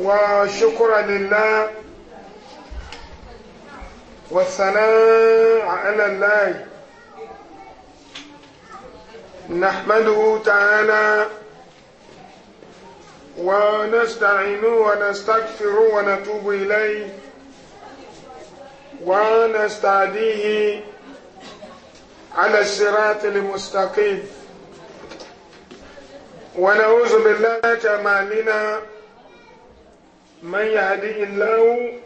وشكرا لله والثناء على الله نحمده تعالى ونستعين ونستغفر ونتوب إليه ونستعديه على الصراط المستقيم ونعوذ بالله من من يهدي الله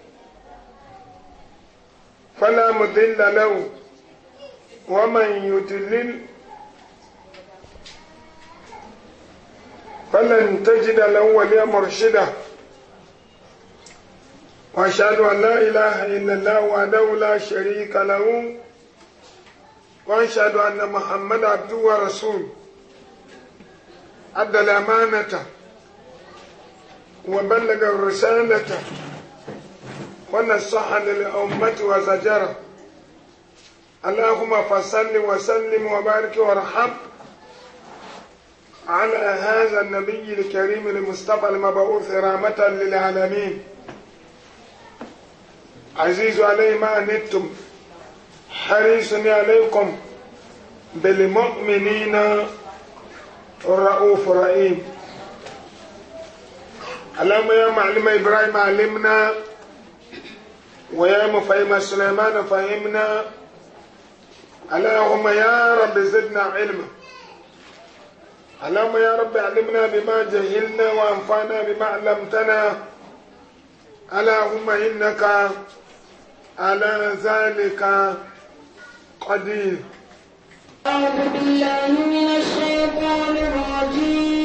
فلا مضل له ومن يضلل فلن تجد له وليا مرشدا واشهد ان لا اله الا الله وحده لا شريك له واشهد ان محمد عبده ورسوله ادى الامانه وبلغ الرسالة ونصح للأمة وزجره اللهم فصل وسلم وبارك وارحم على هذا النبي الكريم المصطفى المبعوث رحمة للعالمين عزيز علي ما أنتم حريص عليكم بالمؤمنين الرؤوف رحيم اللهم يا معلم إبراهيم علمنا ويا مفهم سليمان فهمنا اللهم يا رب زدنا علما اللهم يا رب علمنا بما جهلنا وانفعنا بما علمتنا اللهم انك على ذلك قدير اعوذ بالله من الشيطان الرجيم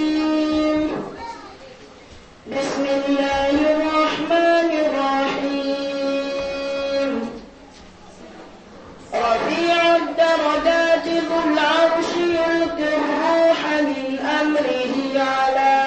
بسم الله الرحمن الرحيم رفيع الدرجات ذو العرش يلقي الروح من أمره على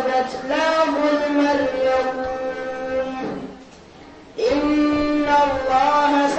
كسبت لا ظلم اليوم إن الله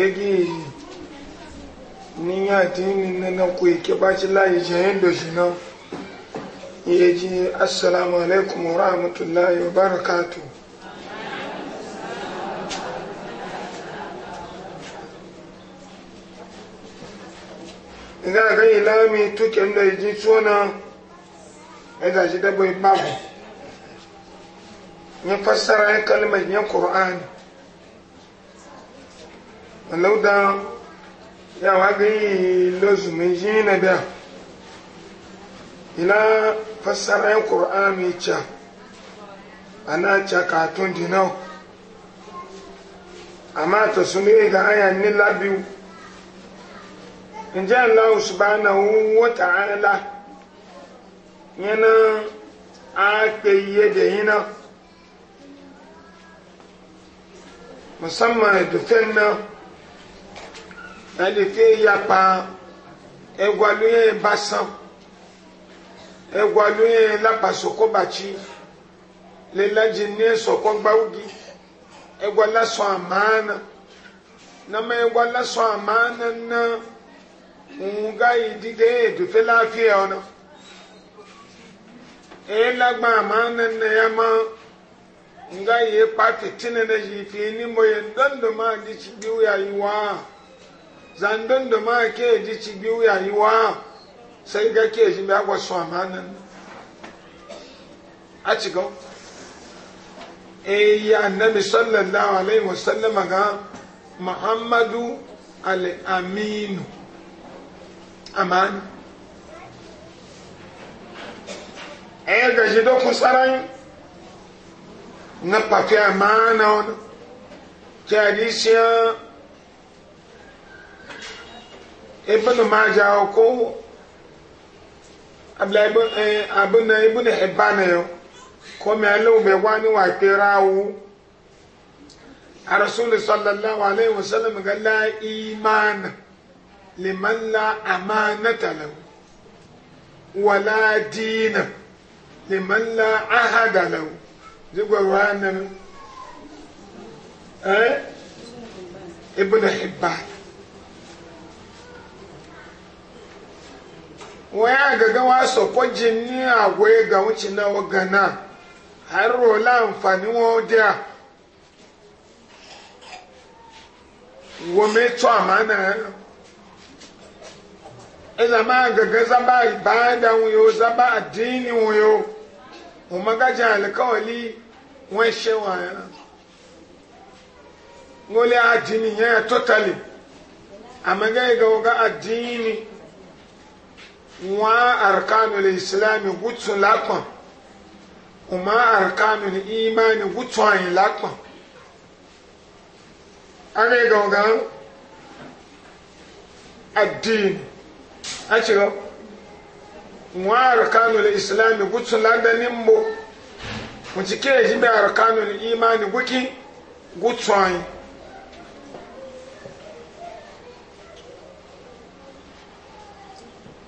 yegi ni adini nana ku ike baci layi jayen da shi nan iya ji assalamu alaikum wa rahmatullahi wa barakatu ina ga ilami tuken da ji tsona ya da shi dabai babu ya fassara ya kalmar ya ƙur'ani lau da yawa gani lozu mai ji na biya ila fassara yin ƙur'ani ca ana ca katun dinau amma ta sunu ga ayan ni labiyu in ji allahu subhanahu wa ta'ala yana akpeye da yana musamman da nan ẹni ke yapa egwalu yẹn basan egwalu yẹn lapasoko batsi lelaji ne sɔkɔ gbawugi egwa la sɔn amaana nama egwa la sɔn amaana na ŋun ga yi dide edufe laafiya ɔna eye lagba amaana na ya ma ŋun ga yi ekpa fitina na yi fi ni mo ye ndondo ma di tsi bi wuya yi waa zandon da ma ke ji ci biyu yayi wa sai ga ke ji biya gwasu a manan a ci gau e ya annabi sallallahu alaihi wasallam ga muhammadu al-aminu amani e ga ji dokun sarai na pafi amana wani ke hadisiyan ibn maja ko abla ibn abun ibn hibban yo ko me alu be wani wa kirawu الرسول صلى الله عليه وسلم قال لا إيمان لمن لا أمانة له ولا دين لمن لا عهد له زي وانا ابن حبان wọ́n yá gẹ́gẹ́ wá sọ̀kọ́ jì ní àwọ̀ ẹ̀gà ń ti náà wọ́n gan náà àárò láǹfààní wọn dé à wọ́n mẹ́tọ́ àmánà ẹ̀dà máa gẹ́gẹ́ sábà ìbáàdà wọn yóò sábà àdínní wọn yóò wọ́n mọ́gájà àlùkọ́ọ̀lì wọ́n ṣe wọ́n yẹn wọ́n lé àdínní yẹn tọ́tàlì àmọ́gá wọ́n ká àdínní. wọn arkanu islami gutsun lakpan uma arkanu imani gutsun ayin lakpan ana yi gangan addini a ciro wọn arkanu islami gutsun ladanin bo mu cike yi bi arkanul imani guki gutsun ayin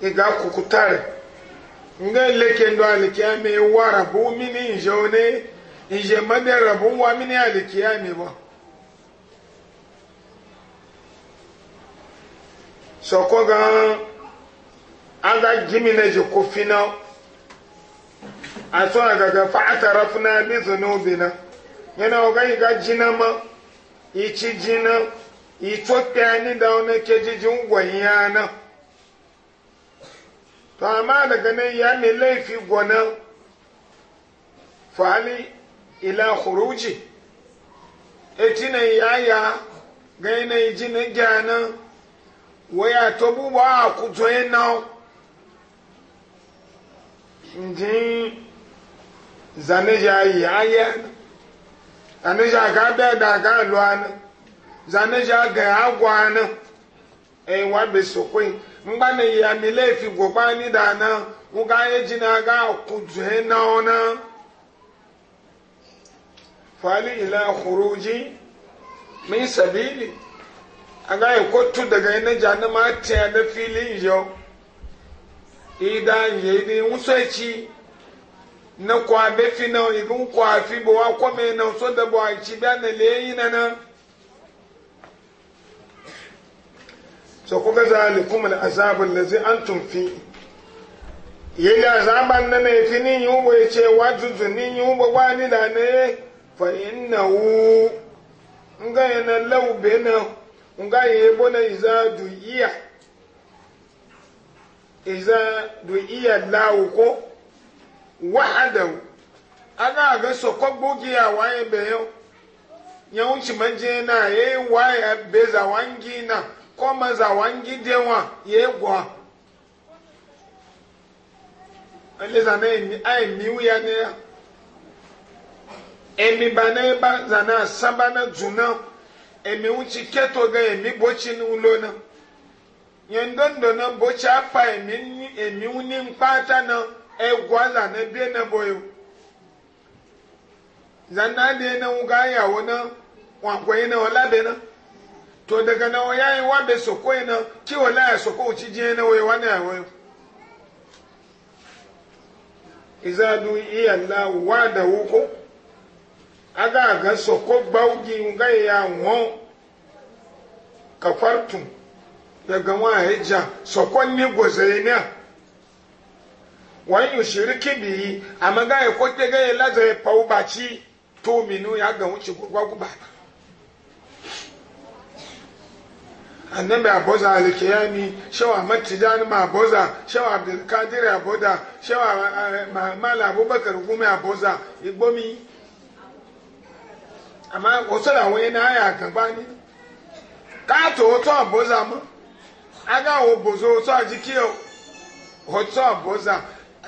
iga kukutare nga leke ndo alikiyame wa rabu mini nje one nje made rabu wa mini alikiyame bo soko ga aga jimine je kufina aso aga ga fa'tarafna bi dhunubina yana oga iga jinama ichi jina itwa pya ni daune kejijin gwanyana to amma daga nan ya mai laifi gwanan fali ila khuruji etina yaya gaina jina gyana waya to buwa ku zoye na njin zane ya yi aya zane ya ga da ga luwa zane ya ga agwa na ɛyin eh, wa bɛ sokoe ngba ne yi ami leefi gogba ni nga ayé gyina aga kudue nawo na fali ila khuruji min sabili aga yi kotu daga yi na gya ma tia na fili yɔ ida yi ni nso ekyi na kɔ abefi na yi nkɔ afi bɔ akɔmɛ na nso dabɔ akyi bi na lee yi na na. so ku ga zalikum al'azab allazi antum fi yeli azaban nan ne fi ni yubo ya ce wa juzu ni yubo wa ni da ne fa innahu nga yana law bena nga yebo na iza duiya iza duiya law ko wahadahu aga ga sokko bugi ya waye beyo yawunci manje na wa waya beza wangi na como za wangi de wa ye gwa ele za me ai e mi u ya ne e na samba na juna e mi u chi keto ga e mi bo chi nu lo na ye ndondo na bo cha pa e, e na e gwa za ne bi na de na u ya wo na wa kwa ina wala to daga na wa yayin wa be soko na ki wala ya soko uci je na wa wani awo iza du iya la wa da wuko aga ga soko gbaugi ga ya won kafartu daga wa hijja soko ni gozaina wani shiriki biyi amma ga ya kote ga ya laza ya pau baci to minu ya ga wuce gwagwa gubata annabi aboza alkiyami shawa matijani ma aboza shawa abdulkadir aboza shawa eh, mala abubakar gumi aboza igbomi amma wasu làwọn yẹn náà yà gàgbá ni káàtó wọ́tọ́ aboza mọ́ agáwọ̀ bozo wọ́tọ́ àjíkíyọ̀ wọ́tọ́ aboza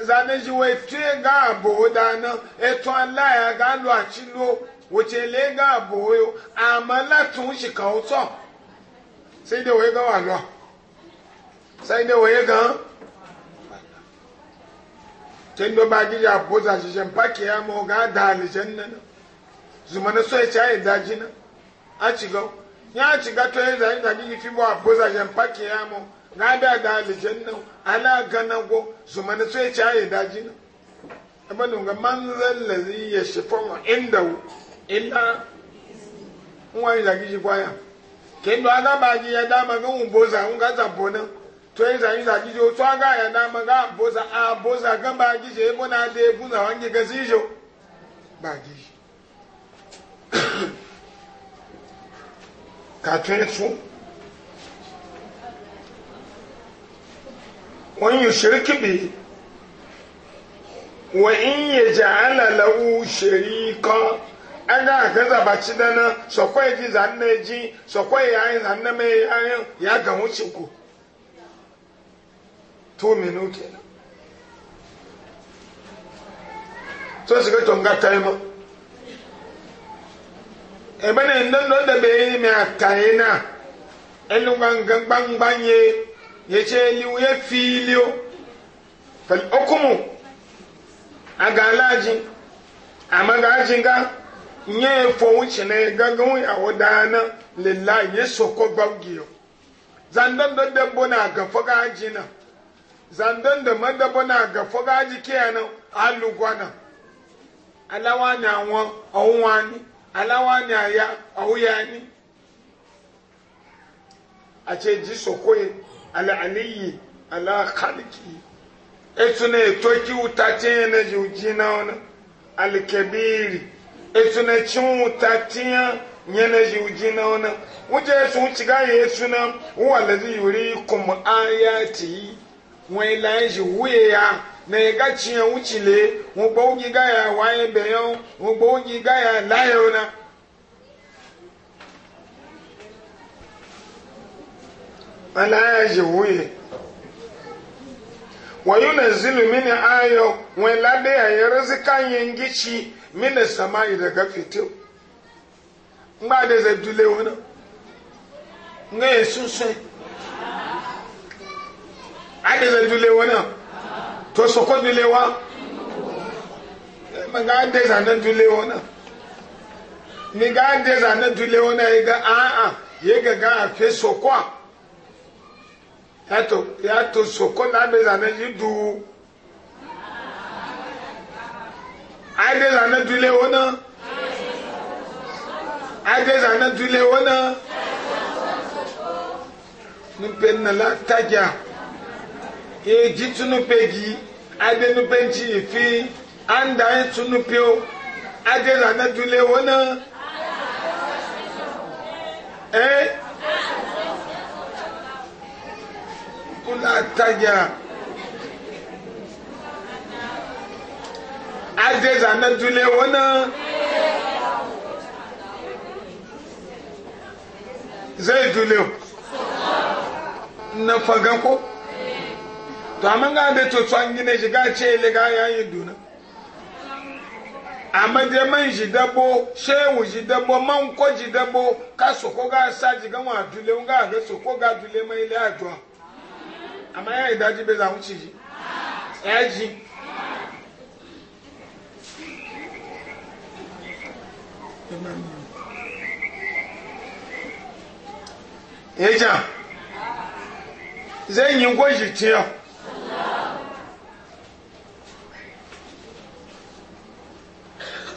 zanejiwe tún ẹ̀gá àbòwò dáná ẹ̀tọ́ aláya gálò àchílò wòtí ẹ̀lẹ́gá àbòwò yó àmọ́ látún ṣìkà wọ́tọ́ sai dai waye gan wàlúwà sai dai waye gan tẹ́ ń dọ́ bá gíga àpòsà pàkì ya mọ́ ọ̀gá àdá àlìṣẹ́ ń nana zùmọ̀ ní sọ ẹ̀ṣẹ́ àyè dájí ná àtìgọ́ ní àtìgá tó ẹ̀ṣẹ́ àyè dájí fi bọ́ àpòsà ṣiṣẹ́ pàkì ya mọ́ ọ̀gá àdá àdá àlìṣẹ́ ń nana aláàgánáwó zùmọ̀ ní sọ ẹ̀ṣẹ́ àyè dájí ná ẹgbẹ́ nù nga máa ń rẹ́ lẹ́yìn ṣe fọ́ọ̀mù ẹ̀ ń dàwó ẹ̀ ń dá wọn kendo aga baji ya dama ga un boza un ga zambo nan to yin zani za gijo to aga ya dama ga boza a boza ga baji je bo na de bu na wangi ga zijo baji ka tun su wani yi shirki bi aga agaza bachida na sokwa eji za nna eji sokwa ya anyị za nna mee anyị ya ga nwuchikwu tumi n'uke so siga to nga taimo ebe na ndo ndo da be yi me atai na enu ganga gbangbanye ye che liu ye filio fal okumu agalaji amaga nga. nye fɔwu tsene gangan yawo daana le la nye soko gbawgi o zandando debo na agafɔ ka dzi na zandando me debo na agafɔ ka dzi kia na alugua na alawa ni awon ɔwun wani alawa ni aya ɔwun ya ni atse dzi soko ye ala yi ala kaliki etu na eto ekiwu tatse yɛn na yi o dzi na wɔn na alikɛbiiri. etu na cinwuta tiya yana jiwuji na ona. wuce su wuce ga ya su na wala zai yuri kuma ti wani layan shi wuye ya na ya ga ciya wuce le wọn gbọ́ ogi ga ya waye bayan wọn gbọ́ ogi ga ya layo na alayan shi wuye wayunazzilu min ayo wa lade ya rizikan yangici min daga fitil ngba de ze dule wona nga yesusun ade ze dule wona to soko dule wa nga de za na dule wona ni ga de za na dule wona ga a a yega ga ga fe soko yato yato soko na abe zane yi du ade zane du le wo na ade zane du le wo na nupe na la taja eji tu nupe gi ade nupe nti ifi anda yi tu nupe o ade zane du le wo na eh kúlá taja, aje zana wọn náà. zai dule na fagan ko to amma ga da to tsan gine shiga ce le ga yayi duna amma da man shi dabo shehu shi dabo man ko shi dabo ka so ko ga sa ji ga wa dule ga ga so ko ga dule mai lafiya àmọ́ ẹ̀yà ìdájí é làwọn ṣì yí ẹ̀ jí. Eja, zai yi gwaji tiyo.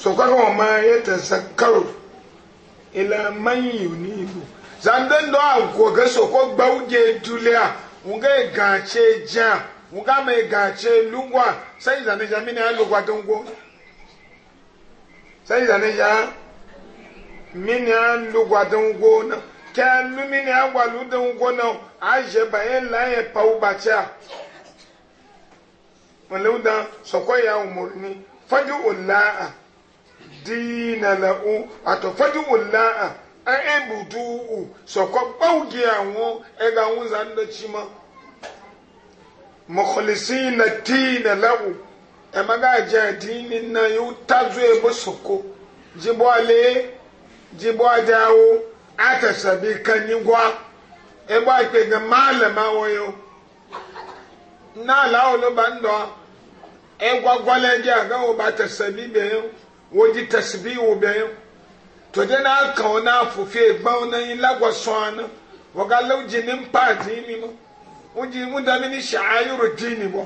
So kaga wa ma ya tasakkaru ila man yunibu. Zandan do an ko ga so baú de duliya nga egache ja nga ma egache lugwa sai zane ja mini ya lugwa dongo sai zane ja mini ya lugwa dongo na kya lu mini ya gwa lu dongo na aje ba ye la ye pa u ba cha malauda sokwa ya umurni fadu ullaa dina la'u ato fadu ulaa. ebudu u sokwa gbawgi anwo ega wunza ndo chima na tina lahu emaga ja dini na yu tazu ebo soko jibo ale jibo adawo atasabi kanigwa ebo akpe ga malama woyo na ala oloba ndo egwagwala ndị aga wo ba tasabi bẹyọ wo di tasabi wo bẹyọ tɔjɛ n'a kan n'a fufe gbawo na yi lagwa sɔn na waga law pa diini ma o ji mu da sha'ayuru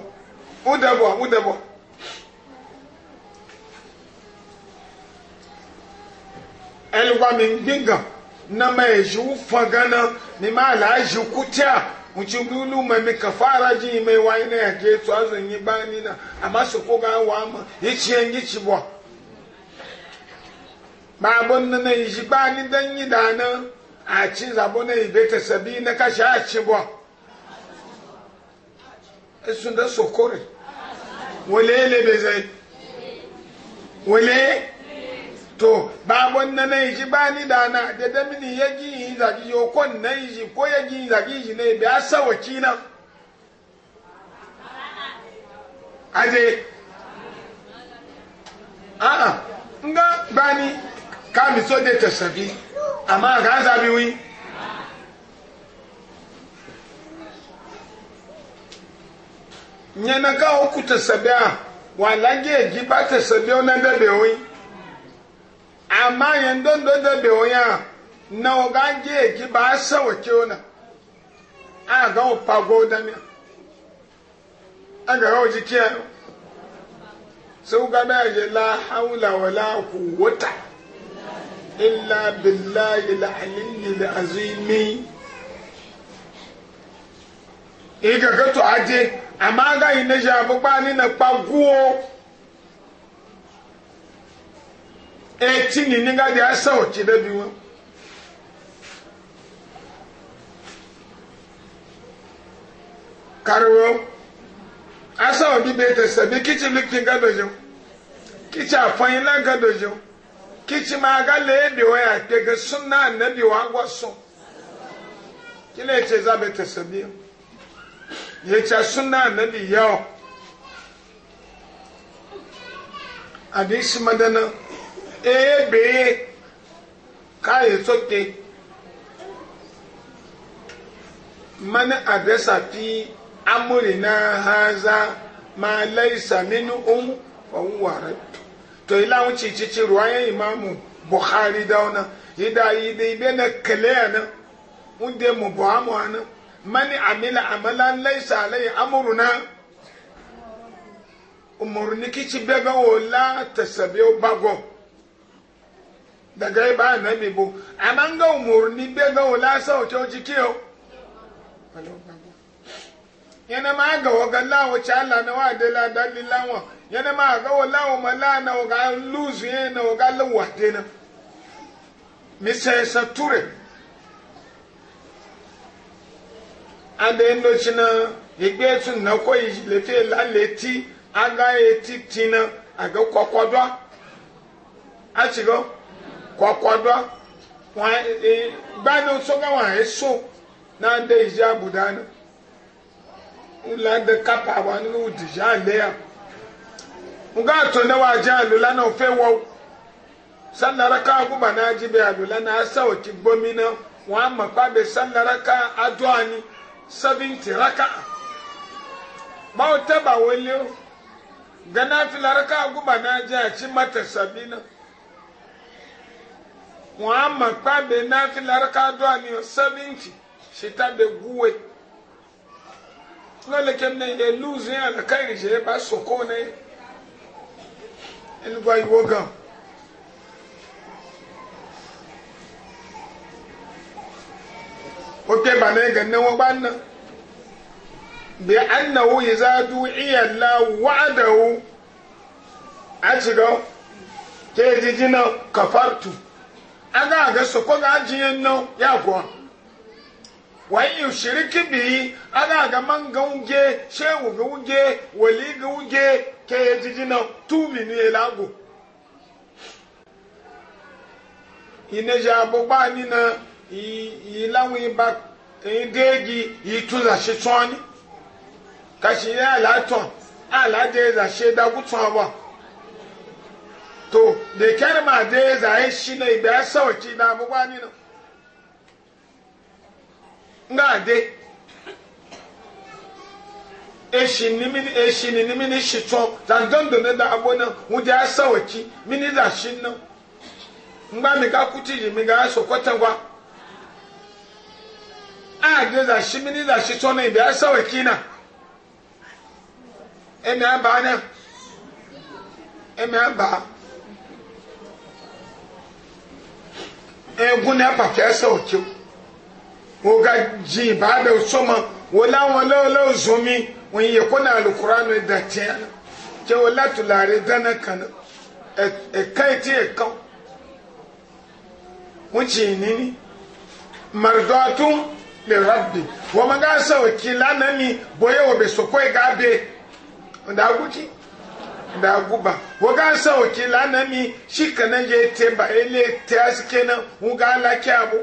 o da bo o da bo ɛlwa mi gbinga na ma yi wu ni ma la yi ci lulu fara ji ya ke tsazo yi amma su ko ga wa ma yi ci yi babon na na yi ba ni dan yi da na a ci zabo na yi beta sabi na kashe a ci ba e sun da sokore wale le be zai wale to babon na na yi ba ni da na da damini ya gi yi zagi yi kon na yi ko ya gi zagi yi a sawa sawaki na aje a'a nga bani káàmì tó dé tẹ̀sán bí àmọ́ àgáńsá bí wí. nyɛnɛ ka wo ku tɛsɛbɛ a wɔalagye agyi ba tɛsɛbɛ wo na dɛ bɛ wo ama yɛn dondo dɛ bɛ wo a na wo ga gye agyi ba asɛ wo kye wo a ga wo pa da mi a ga wo gyi kye ga bɛ yɛ la hawla wala quwwata إلا بالله العلي العظيم iga gato aje amma ga yi na jabu gbani na kpaguo eti ni ni ga di asa oci da biyu karwo asa obi bete sabi kici likin ga dojo kici afanyi lan ga dojo kichi ma ga lebe ya ke ga sunna annabi wa gwaso kila yace za bai tasabiya yace sunna annabi yau hadisi madana ebe kayi soke mana adresa fi amurina haza ma laisa minu um fa huwa rabbi to ila wuce cici ruwayan imamu bukhari da wani yida yida ibe na kale na unde mu buhamu ana mani amila amalan laisa alai amuruna umurni kici bega wola tasabe bago daga iba na mibo amanga umurni bega wola sa ocho jikio yana ma ga wa galla wa chala na wa de la dalli la wa yana ma ga wa la wa ma la na wa ga lose na wa ga wa de na mi se sa ture ande ndo china igbe tu na ko yi le fe la le ti aga e ti tina aga kokodwa a ti go kokodwa wa e gbanu so ga wa e so na ija budana ulande kapa wa nínú ìdìjà àlẹ́yà nga àtọ̀ náà wàá jẹ́ àlùlá náà fẹ́ wọ́ sanaraka agbóba náà jí bẹ́ẹ̀ àlùlá náà asá òkè gbomi náà wọ́n á mọ̀ pàbẹ sanaraka adó àní sẹ́fìntì raka báwo tẹ́bà wọlé o gana filaraka agbóba náà jẹ́ àti mọ́tẹ̀ sàbí náà wọ́n á mọ̀ pàbẹ náà filaraka adó àní sẹ́fìntì ṣètàbẹ̀ gúwèé ngale kemne ye lose ya la kairi e je ba sokone en gwa iwoga e o ke ba ne ga ne wo ba na bi annahu yazadu iya la wa'adahu ajiga ke jijina kafartu aga ga sokoga ajiyen nan ya gwa wani yushiriki bi ana ga man ga unge shehu ga unge wali ga unge ke ya jiji na tu minu ya lagu ina ja gbogbo ni na yi lawon iba in e deji za shi kashi ya alaton alade za shi dagutun to da kyar ma de za yi e shi na ibe na gbogbo ni na ngade eshinni ni mini shitso zandondo ne da abo na wudi asa waki mini da shi na ngba mi ka kuti yi mi ga aso kota gwa a de da shi mini da shitso na ibi asa waki na emi aba na emi aba egun ne apaki asa waki o. wọn e, e ka jin baa bɛ sɔma wọn la wọn lɛ lɛ zomi wọn yɛ ko na alukura nu da tiɲɛ na cɛ wọn la tulaare dana kan na ɛ ɛ kan ti yɛ kan wọn tiɲɛ nini maridɔɔtun le rabbi wọn ma gaa sɛ o kila mi bɔyɛ o bɛ sokoe gaa be o e da guki o da guba wọn gaa sɛ o mi si kana yɛ te ba ele te asike na wọn gaa lakɛ abo.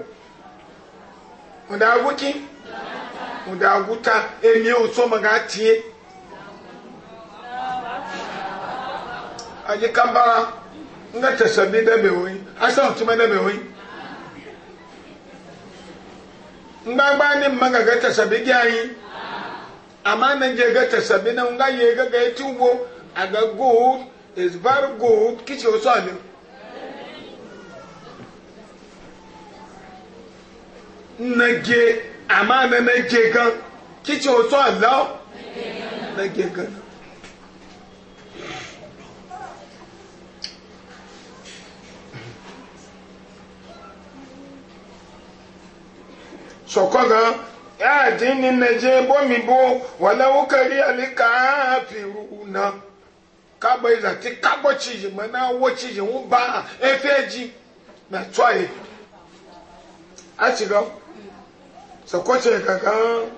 unda aguki unda aguta emi oso maga tie aji kambara nga tasabi dabe woi asa mutuma dabe woi ngbagba ni maga ga tasabi gi anyi amma nan je ga tasabi na nga ye ga ga ti wo aga good is very good kici oso amin nage amma me nage gan kici otu Allah nage gan sọ̀kọ́ gan yáàdí ní nàìjíríà bómìnbó wà láwọ́ kẹrí àlíkà àfihàn ọ̀nà kábọ̀ ìlà tí kábọ̀ chìyì mọ̀ náà wọ́ chìyì ń bá ẹfẹ́ jí mẹ́tọ́ yìí. a ti rọ so kwace kankan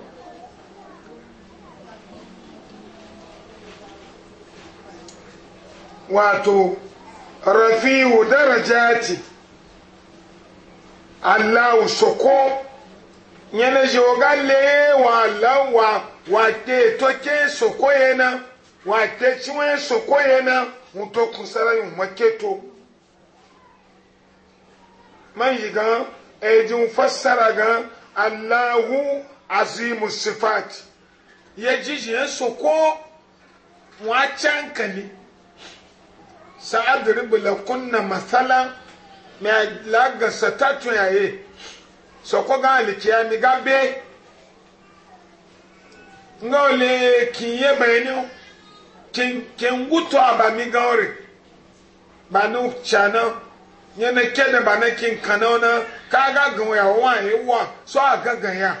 wato rafi'u darajati allahu soko yana jogale wa lawa wate toke soko yana wate ciwon soko yana mutu kusurin maketo man yi gan ejin fassara gan Allahu azimu sifati ya jijiyar su ko wacan kali sa'ad ribula kunna matsala mai lagasa ta tuyaye sako ga alikiya mi gabe nga ole kinye bayani kin wuto abami gauri ba nu canan nye ne ke ne ba ne ki nkane wo ne ka aga gan ya wo an ye wo a so a gan ya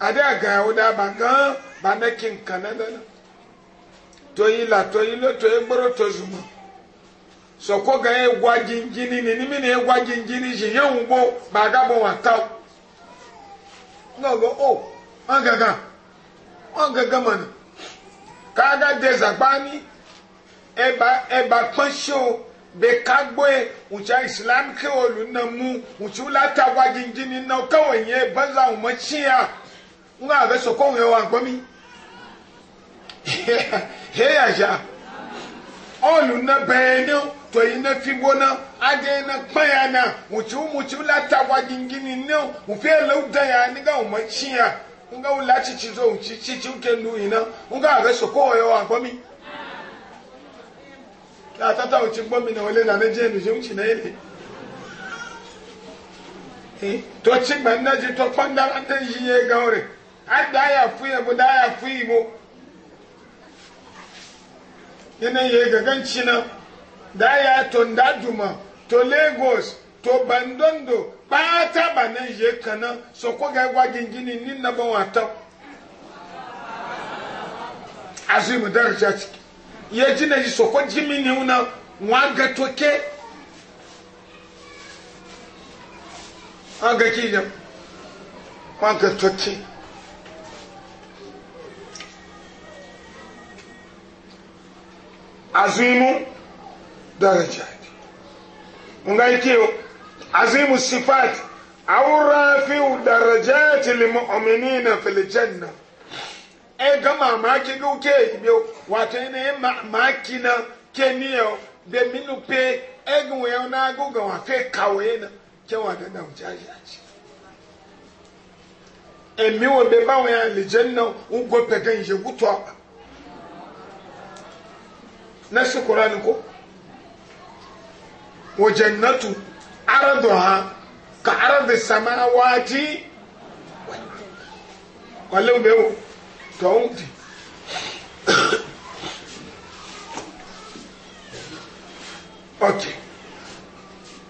ade a gan ya wo da ba gan ba ne ki nkane de ne to yi la to yi lo to ye gboro to so ko gan ye gwa jinjini ni ni ne ye gwa jinjini zi ye ŋun bo ba ga bo wa taw ne o an gaga an gaga ma ka aga deza zagba ni eba eba kpɛn si o. be kagbe wucha islam ke olu na mu wuchu lata wa jinjini na kawo nye banza mu machiya nga be so ko wa gbomi he ya ja olu na be ni to yi na fi bona ade na paya na wuchu wuchu lata wa jinjini ne mu fe lo da ya ni ga mu machiya nga wu lati chizo wuchi chichi ke lu ina nga be so ko wa gbomi ta tata wuce gbọmi na wale na na je nu wuce na yele to ci gba na je to kwanda na ta yi ye ga ore a da ya fu ya bu da ya fu yi mo yana ye ga ganci na da ya to ndaduma to lagos to bandondo kpaata ba na ye kana so ko ga gwa gingini ni na ba wa ta azimu darja ciki ye ji na yi jimi ni una wa toke an ga ki toke azimu daraja ngai ikiyo azimu sifati au rafi'u darajati lil mu'minina fil Ega ga mamaki ga uke ibe wato ina yi mamaki na ke da minu pe e ga na agoga wa fe kawo na ke wa da damu jaji aji emi wo be bawo ya lijen na ugo pega nje gutu aba na su qur'ani ko wa jannatu arduha ka ardi samawati walau bewo county. okay.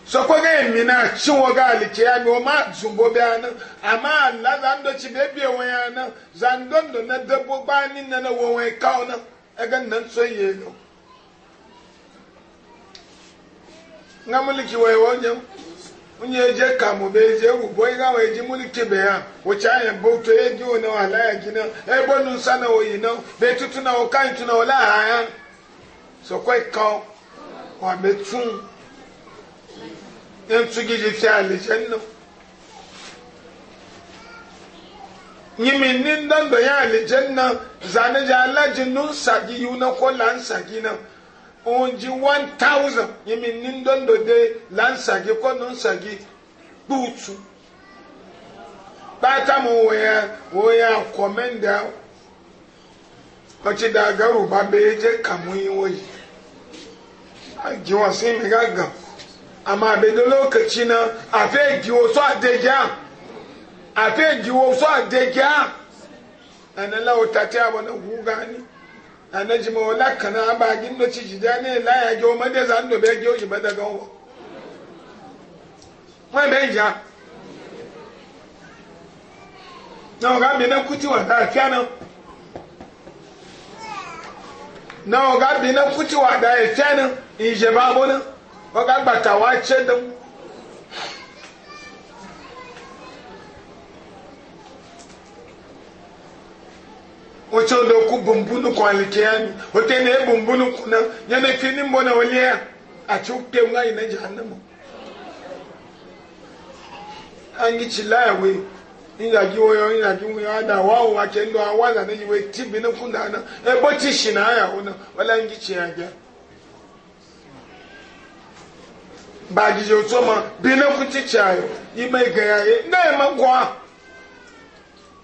so kwa ga mi na chi wo ga ali chi ami o ma zumbo be ana ama la za ndo chi be bi we ana za ndo na de bo ba ni na na wo we ka ona e ga nan so ye no ngamuli ki we wo nyam onye je ka mụba eji ewubo ihe ahụ eji muliki be ya wụcha anya bụ to egi ona ala ya gị na egbe nsa na oyi na be tutu na ụka ntu na ole aha ya sokwe ka wa metu ntu gị ji fi alije nnu nyimi ndị ndọ ya alije nna zane ala ji nsa gị na kwọla nsa gị na onji 1000 yimi nindondo de lansagi ko nonsagi gbutu bata mu woya woya komenda ọtí ba bee jẹ kàmú iwo yi ajiwọn sí mi gàgà àmà àbẹdọlọ kẹchí náà àfẹ ìdíwọ sọ àdéjà àfẹ ìdíwọ sọ àdéjà ẹnìlá òtàtí àwọn ọ̀nà anajima wala kana ba gindo ci jida ne la ya jo ma de zan do be jo ji ba daga wo fa be ja na ga bi na kuti wa da kana na ga bi na kuti wa da e kana in je ba bona o ga gbata wa che dan wacce da ku bumbunu kwalike ya ni wata ne bumbunu kuna ya na fi nimbo na wani e, ya a cikin wa ina jahannama an yi ci layawe in zagi wayo in zagi wayo da wawo ke ndo awa da naji ti binin kuna na e bo ti shi na wala an yi ya ga ba ji jo to ma binin ti ci ayo yi ya na ma gwa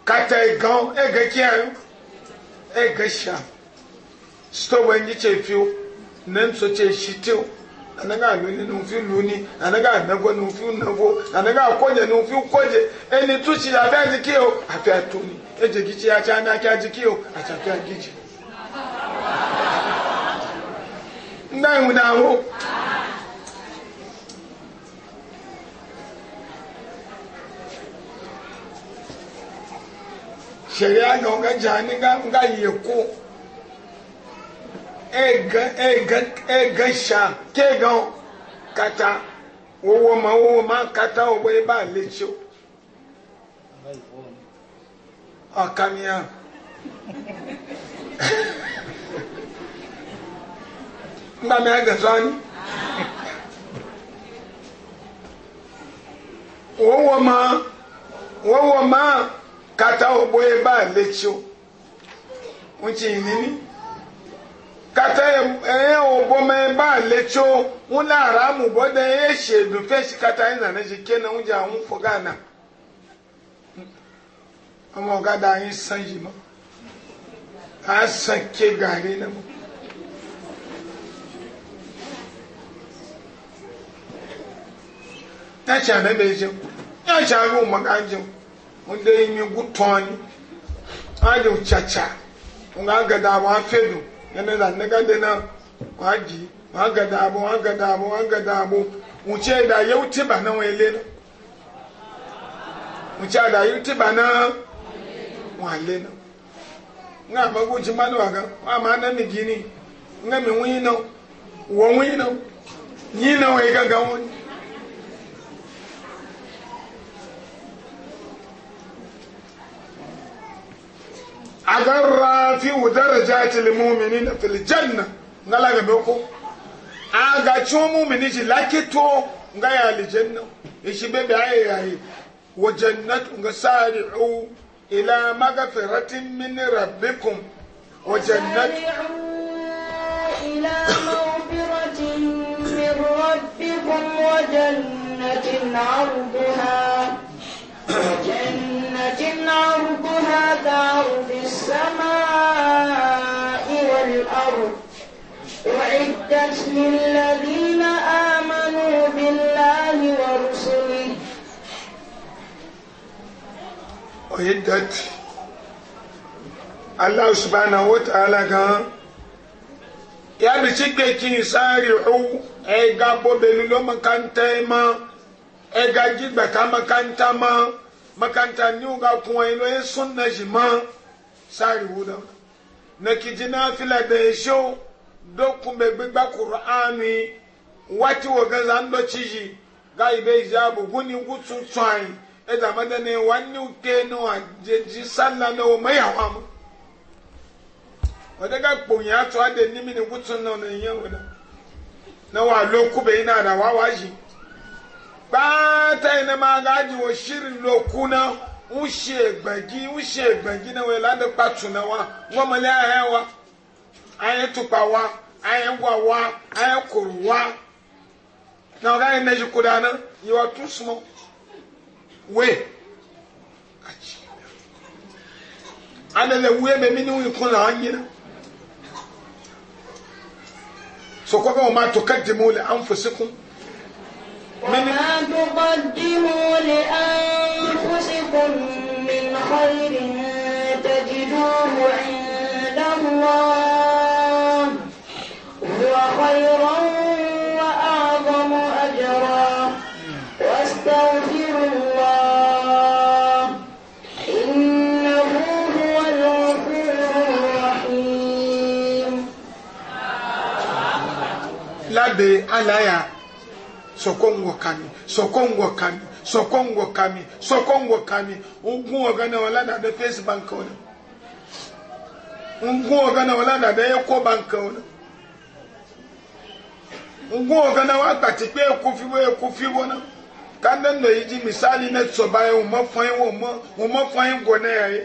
kata igan e ga ayo e gasha stowa ngi ce fiu nan so ce shi tiu anaga luni nu fi luni anaga nago nu fi nago anaga koje nu fi koje eni tu ci afi ajiki o afi atuni eje gici ya cha na ki ajiki o acha ki ajiki ndan na ho sheria ya ga jani ga ga yeko ega sha ke kata wowo ma wowo ma kata o gbe ba le cho akamia mi aga zani ma ma kata ogbo ebe a lechio nwuchi inini kata enye eh, ogbo ma ebe a lechio ara amụbọ da ihe eshi edufe kata anyị nara ji ke na na ọmọ ọgada anyị ma a san ke gari na mụ na wunde imi gutoni aje uchacha nga gada wa fedu yana da naga da na waji wa gada abu wa gada abu wa gada abu uche da yau tiba na wele na uche da yau tiba na wale na nga magu jimanu aga wa ma na mi gini nga mi wino wo wino ni na wa ga ga woni agarra fi darajati lmuminina fi ljanna ngala ga beko aga chumu miniji lakito nga ya aljanna ishi bebe ayi ayi wa jannatu nga sari'u ila magfiratin min rabbikum wa jannatu ila magfiratin min rabbikum wa jannatin 'arduha wa jannatin عرضها كعرض السماء والأرض أعدت للذين آمنوا بالله ورسله أعدت الله سبحانه وتعالى قال ya bi ci ke ki sari hu e ga bo belu lo makanta ma e ga jigba makanta niw ka kuma ilo ye sunna jima sari wuda na kiji na fila da ya shau do kumbe gbigba qur'ani wati wo ga zan do ciji ga ibe ijabu guni gutsu tsai e da madane wanni uke no ajeji salla no mai hawa mu wada kponya to ade nimi ni gutsu no ne yan wada na wa lo kube ina da wawaji kpata yi na ma ga ji wo shiri loku na n ṣe gbẹ̀gí n ṣe gbẹ̀gí na wo ìlànà pàtó na wa wọ́n mọ̀ ní ayé wa ayé tukpa wa ayé wa wa ayé kòrò wa na ọ̀gá yẹn na yìí kó dáná yìí wà tún súnmọ́ wé àjì adalẹ wúyẹ bẹ mí ní wọn kún làwọn yìí náà sọkọ́ bá wọn máa tó ká dèmó lẹ anfọ̀síkún. وما تقدموا لأنفسكم من خير تجدوه عند الله هو خيرا وأعظم أجرا واستغفروا الله إنه هو الغفور الرحيم لا دي ألا sɔkɔŋgɔ kami sɔkɔŋgɔ kami sɔkɔŋgɔ kami sɔkɔŋgɔ kami ŋgun ɔgana wala de bɛ fesi banka wala ŋgun ɔgana wala da bɛ eko banka wala ŋgun ɔgana wa gbati pe ekufi wo ekufi wo na kanda nɔ yi misali ne sɔba ye o ma fɔ ye o ma o ma fɔ ye gɔ ne yɛ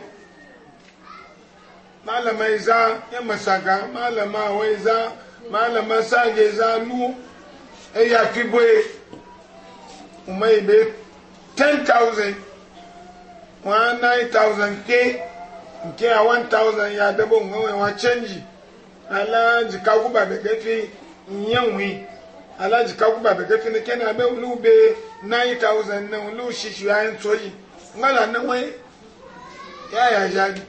malama yi za ye malama awɔ malama sage za eya be umeibe 10000 wa 9000 ke nke a 1000 ya dabo nwe wa ala jika kuba n'ye nyanwi ala jika kuba begefi ne kena be ulube 9000 na ulu shishu ya ntoyi ngala na we ya ya jadi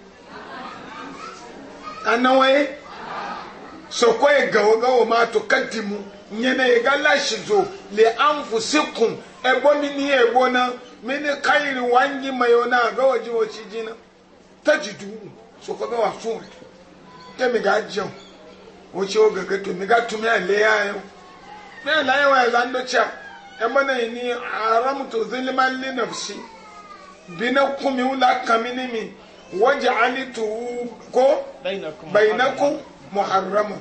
gawo gawo ma to mu nyene egala shizo le anfusikum ebo mini ebo na mini kairi wangi mayona ga waji wachi jina tajidu so ko wa fun te mi ga jẹun o ṣe o gẹgẹ to mi ga tumi ẹlẹ ayọ mi ẹlẹ ayọ wa ẹlẹ e ando cha ẹmọ náà ni aramu to zilima li nafsi bina kumi wula kami ni mi wọ́n jẹ́ alitu ko bayinakum muharramu.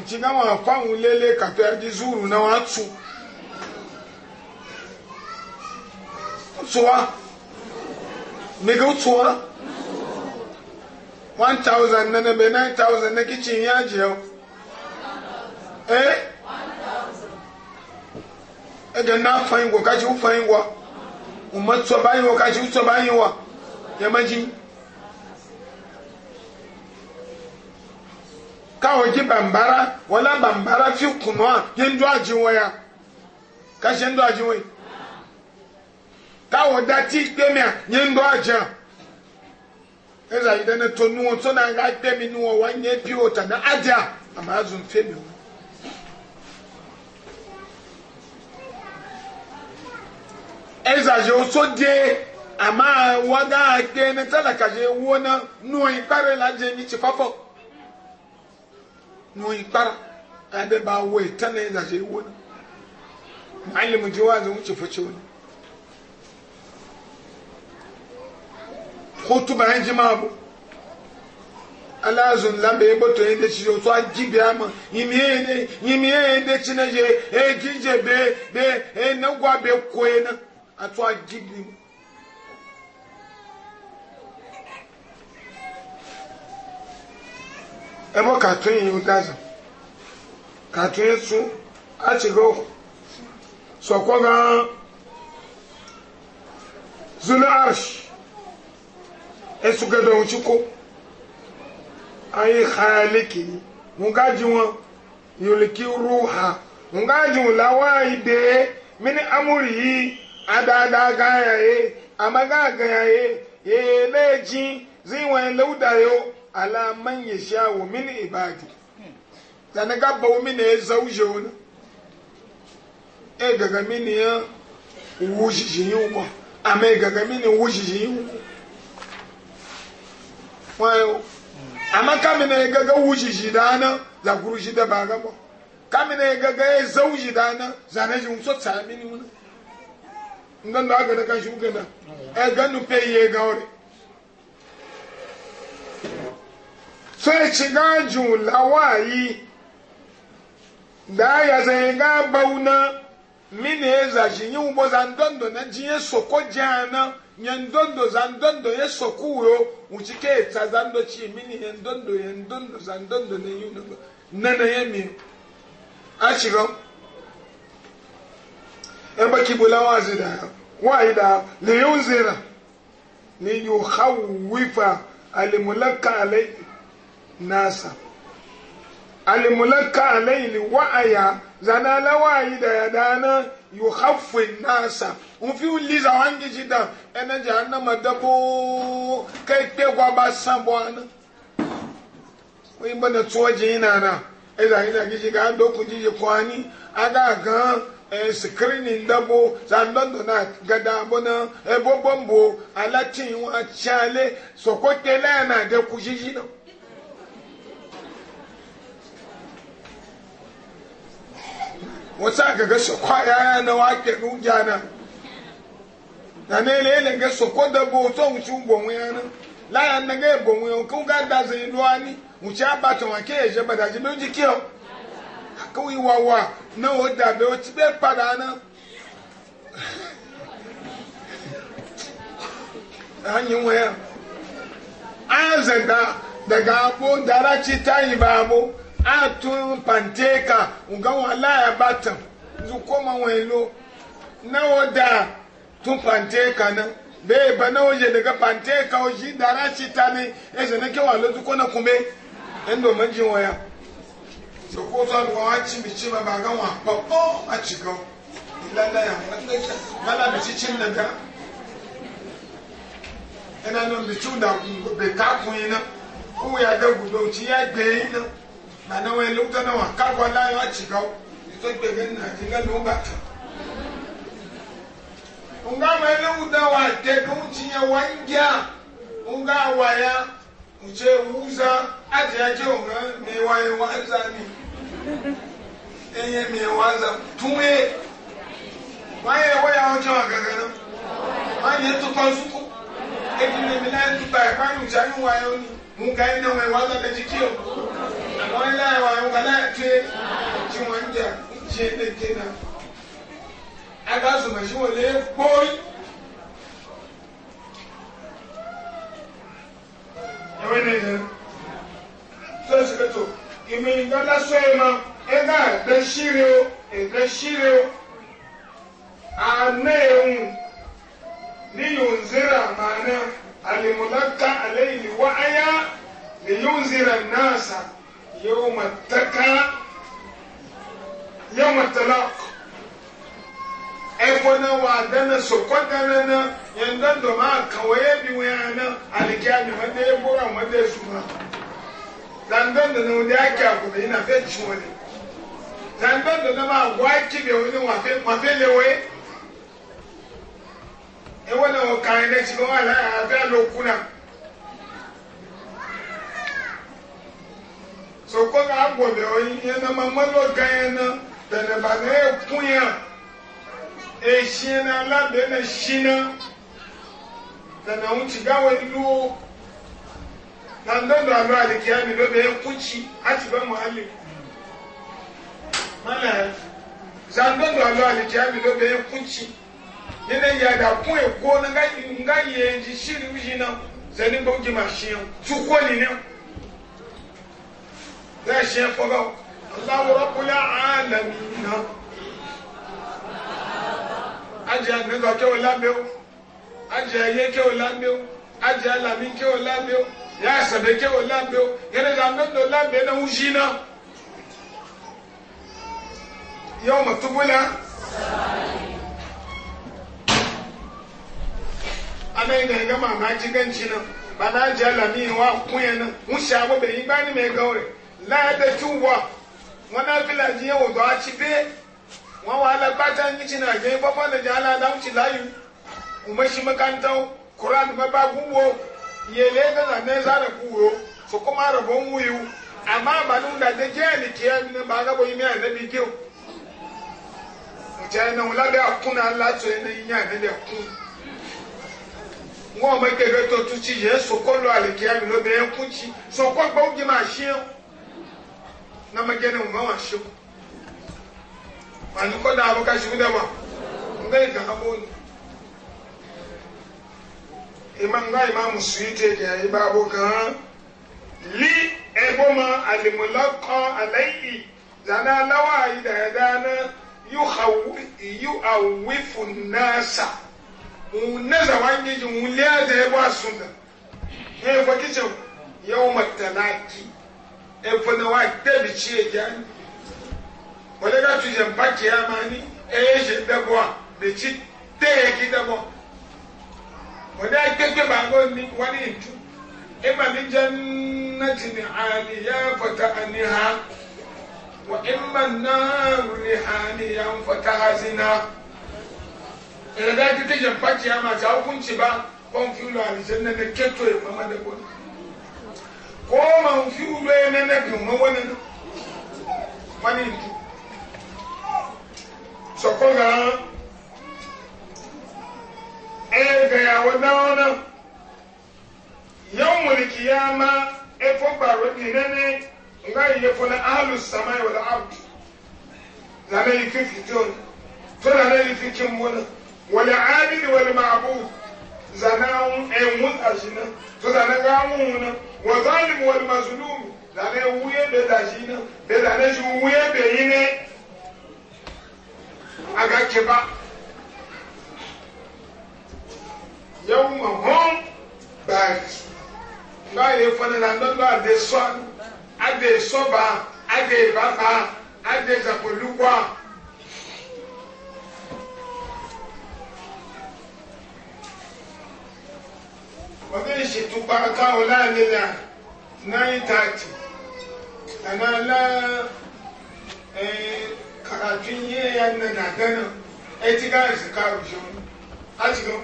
nti na wọn akpa wọn lele kata ɛdi zuru na wọn atu utua mmega utua one thousand na nebe nine thousand e? na kitchen ya agyeɛ ee ɛgɛ nna afanyi ngwa kakyi ufanyi ngwa umatsuaba anyi wa kakyi utsuaba anyi wa yamagyi. kawo ji bambara wala bambara fi kunwa yin do ajinwa ya ka se do ajinwa kawo dati gbemia yin do ajin eza idan na to nuwo so na ga gbemi nuwo wa nye piwo ta na aja ama azun femi wo eza yo so de ama wa ga gbe na talaka je wo na nuwo ipare la je mi ti fafo mu ikpara abe ba wo itana ya zaje iwo na muallimu jiwazi wuce fice wani hutu bayan jima bu alazun lambe ebo to ende ci o to ajibe ama yimi ende yimi ende ci na je e gije be be e na gwa be ko ena ato ajibe ebo katun yi gaza katun yi su a ci go so ko ga zulu arsh esu ga don ci ko ayi khaliki mun gaji won yuliki ruha mun gaji won lawa ide mini amuri yi adada ga yaye amaga ga yaye ye leji ziwen lauda yo ala man yashawu min ibadi zane ga bawo mini ya zauje wani e gaga mini ya wuji jini uko ama e gaga mini wuji jini uko wayo ama kamina ya gaga wuji jidana za guru jida ba gaba kamina ya gaga ya zauje dana zane jin so tsamini wani ndan da aka da kan shi uke na e ganu pe ye ga ore so ya ci gajin lawayi da ya zai ga bauna mini ya zashi yi ubo zandondo na ji ya soko jana yandondo zandondo ya soko yo wuci ke ta zando ci mini yandondo yandondo zandondo na yi na na ya mi a ci gan ya baki da, zida da, liyun zira ni yukhawwifa alimulaka alayhi nasa alimulaka alaili wa'aya zanala wa'ayi da ya dana yukhaffu nasa fi uliza wangi jida ena jahanna madabo kai pe kwa basan bwana wimba na ji ina na ila ina gishi ga ando kujiji kwani aga gan e, screening dabo zandondo na gada bona ebo bombo alatin wa chale sokotela na de kujiji na no. wata gaga sokwa yaya na wake nuja na na ne le le ga sokwa da bo to mu chu bo mu yana la ya na ga bo mu ko ga da zai luani mu cha ba to wa ke je ba da je bi kio ka wi wa wa na o da be o ti be pada na anyi we azenda daga bo darachi tayi babo a tun panteka nga wọn láyà zuko tàn zukọ ma wọn lo náwó da tun panteka na be bá náwó yẹ daga panteka o yi dara si ta ni ẹsẹ ne kẹ wà lójú kọ na kume endo dọ ma jí wọn ya sọkó tó àlùkò wọn àti bìtì ma bàgà wọn àpapọ̀ àti gan ìlànà yà wọn gbala bìtì tí ń daga ẹnna nù bìtì dàgùn bẹ̀ká kun yín na ó wù yà dàgùn bẹ̀ òtí yà gbẹ̀ yín na. na wani luta na wa kagwa na ya ci na ji na lu ba ta nga ma uda wa te ko ya wa ngia nga wa ya wuza aje aje o nga me wa ye wa za ni eye me wa ya ojo agaga na wa ye pa su ko e me na tu ni ni wa ni wa za na ki o wọn lé wa wọn lé tẹ tí wọn ń jẹ jẹ lé jẹ náà aga zuma tí wọn lé gbóyè. ẹwé ní ìlú tó ṣe kẹtọ ìmì ìgbọ́dá sọ ẹ ma ẹ bá ẹgbẹ́ ṣíre o ẹgbẹ́ ṣíre o àná ẹ̀hún ní yunzira màánà alimulaka aleyhi wa aya ni yunzira náà sàkó. يوم التكا يوم الطلاق ebona wa dana sokwa dana na yanda do ma kawaye bi wayana alkiya ni wanda ya bora wanda ya suma dan dan da nan da yake ku da ina fe ci wani dan dan da na ma gwa ki be wani wa fe ma fe lewe e wala o kai ne ci ba wala a ga lokuna so ko ga agwọ da oyi ihe na mamalo ganye na da na ba na ya kunya e shi na labe na shi na da na wuce gawa iluwo na ndon da alu alikiya mi lobe ya kuci a ti ba muhalli mana za ndon da alu alikiya mi lobe ya kuci nina ya da kun ego na nga yi ji shiri wuji na zanin bauji mashiyan tukwali ne bẹ́ẹ̀ ṣe fọ́gọ́ aláwòrọ́kúlá àálẹ̀mí náà ajẹ́ àgbẹ̀gọ́ kí o lábẹ́ o ajẹ́ ẹyẹ kí o lábẹ́ o ajẹ́ alàmí o lábẹ́ o yà àṣàbẹ̀ o lábẹ́ o yẹn náà o lábẹ́ náà ń ṣí náà na ọmọ tó bóyá. anayi na ẹ̀gá màmá jí gẹ́ǹtì náà bàbá ajẹ́ wa kún na. náà ń ṣe àgbọ̀bẹ̀ láàdẹ tí wọ wọn náà fìlà jíyẹn òdò àti bẹ wọn wà alágbàtà ní ti nàgbẹ bọbọ nàjà aláàdáhùn ti láàyè ọmọọṣẹ mẹkántà koran mẹba gúwo yẹlẹ gbẹdà ní sáré kúwo sọkọmọ àròbọ ń wúyiwu àmọ àbálù ń dàdé jẹ ẹnìkẹ ẹni ní bàgà bọ yìí mẹ ànábi gé o ǹjẹ́ na wọn be àkún náà látọ̀ ẹni yìí ní ànábi àkún wọn ò ke ẹgbẹ́ tó tu ti yẹ sọkọ lọ àlèkè ẹni lóbi ẹkún ti ma o. na magana wa mawa shi wani ko da abokan shi da ma ngai ga abo imam ngai ma musuite ga iba abokan li ebo ma alimulaka alayhi zana lawa ida yadana yuhawifu nasa unaza wangiji mulia da ebo asunda ne bakice yawmat talaki efone wa tẹbi tsi edza ni wòle ka tu dze mpa tsi ama ni eye dze dɛbɔa detsi te ye ki dɛbɔ wòle agbègbè bango ni wani ntu ema mi dze nnati ni ani ya fɔta ani ha wa ema naaru ni ani ya fɔta azina ɛlɛdɛ agbègbè dze mpa tsi ama sa awo kuntsi ba kɔnfi lo alize nene keto ye mama dɛbɔ ni ko man fi ulo ya nene bi mo wani no wani ntu so ko ga e ga ya wona wona yawmul qiyama e fo baro di nene nga ye fo na ahlus samai wal ard la ne fi fi ton to la ne fi kin wona wal abid wal ma'bud zanawun e mun ajina to zanaga mun na wọ́n záàlì mu wọ́n mazulúmù lànà ewúyẹ́ bẹ́ẹ̀ dàjí iná bẹ́ẹ̀ lànà ju wúyẹ́ bẹ́ẹ̀ yín ní agakeba yẹ́wù de họ́n báyìí de fọ́nà lànà lọ́wọ́ àdé sọ́ àdé sọ́ba àdé ìbáfa àdé ìzàpọ̀lùkọ́. ọdún ìṣètò pàákà ọláàlélà nine thirty ẹ̀nà alá kàràtú yé ẹ̀nà nàdánà ẹtí gáàsì káàrùjọ láti lọ